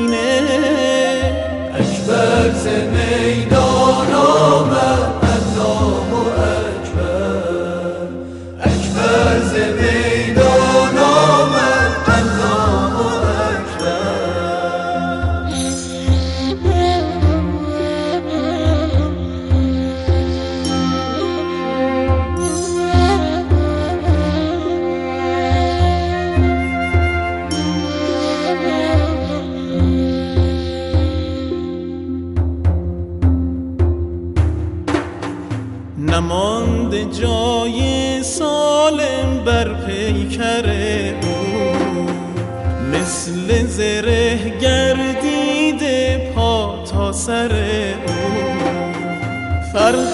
Sarva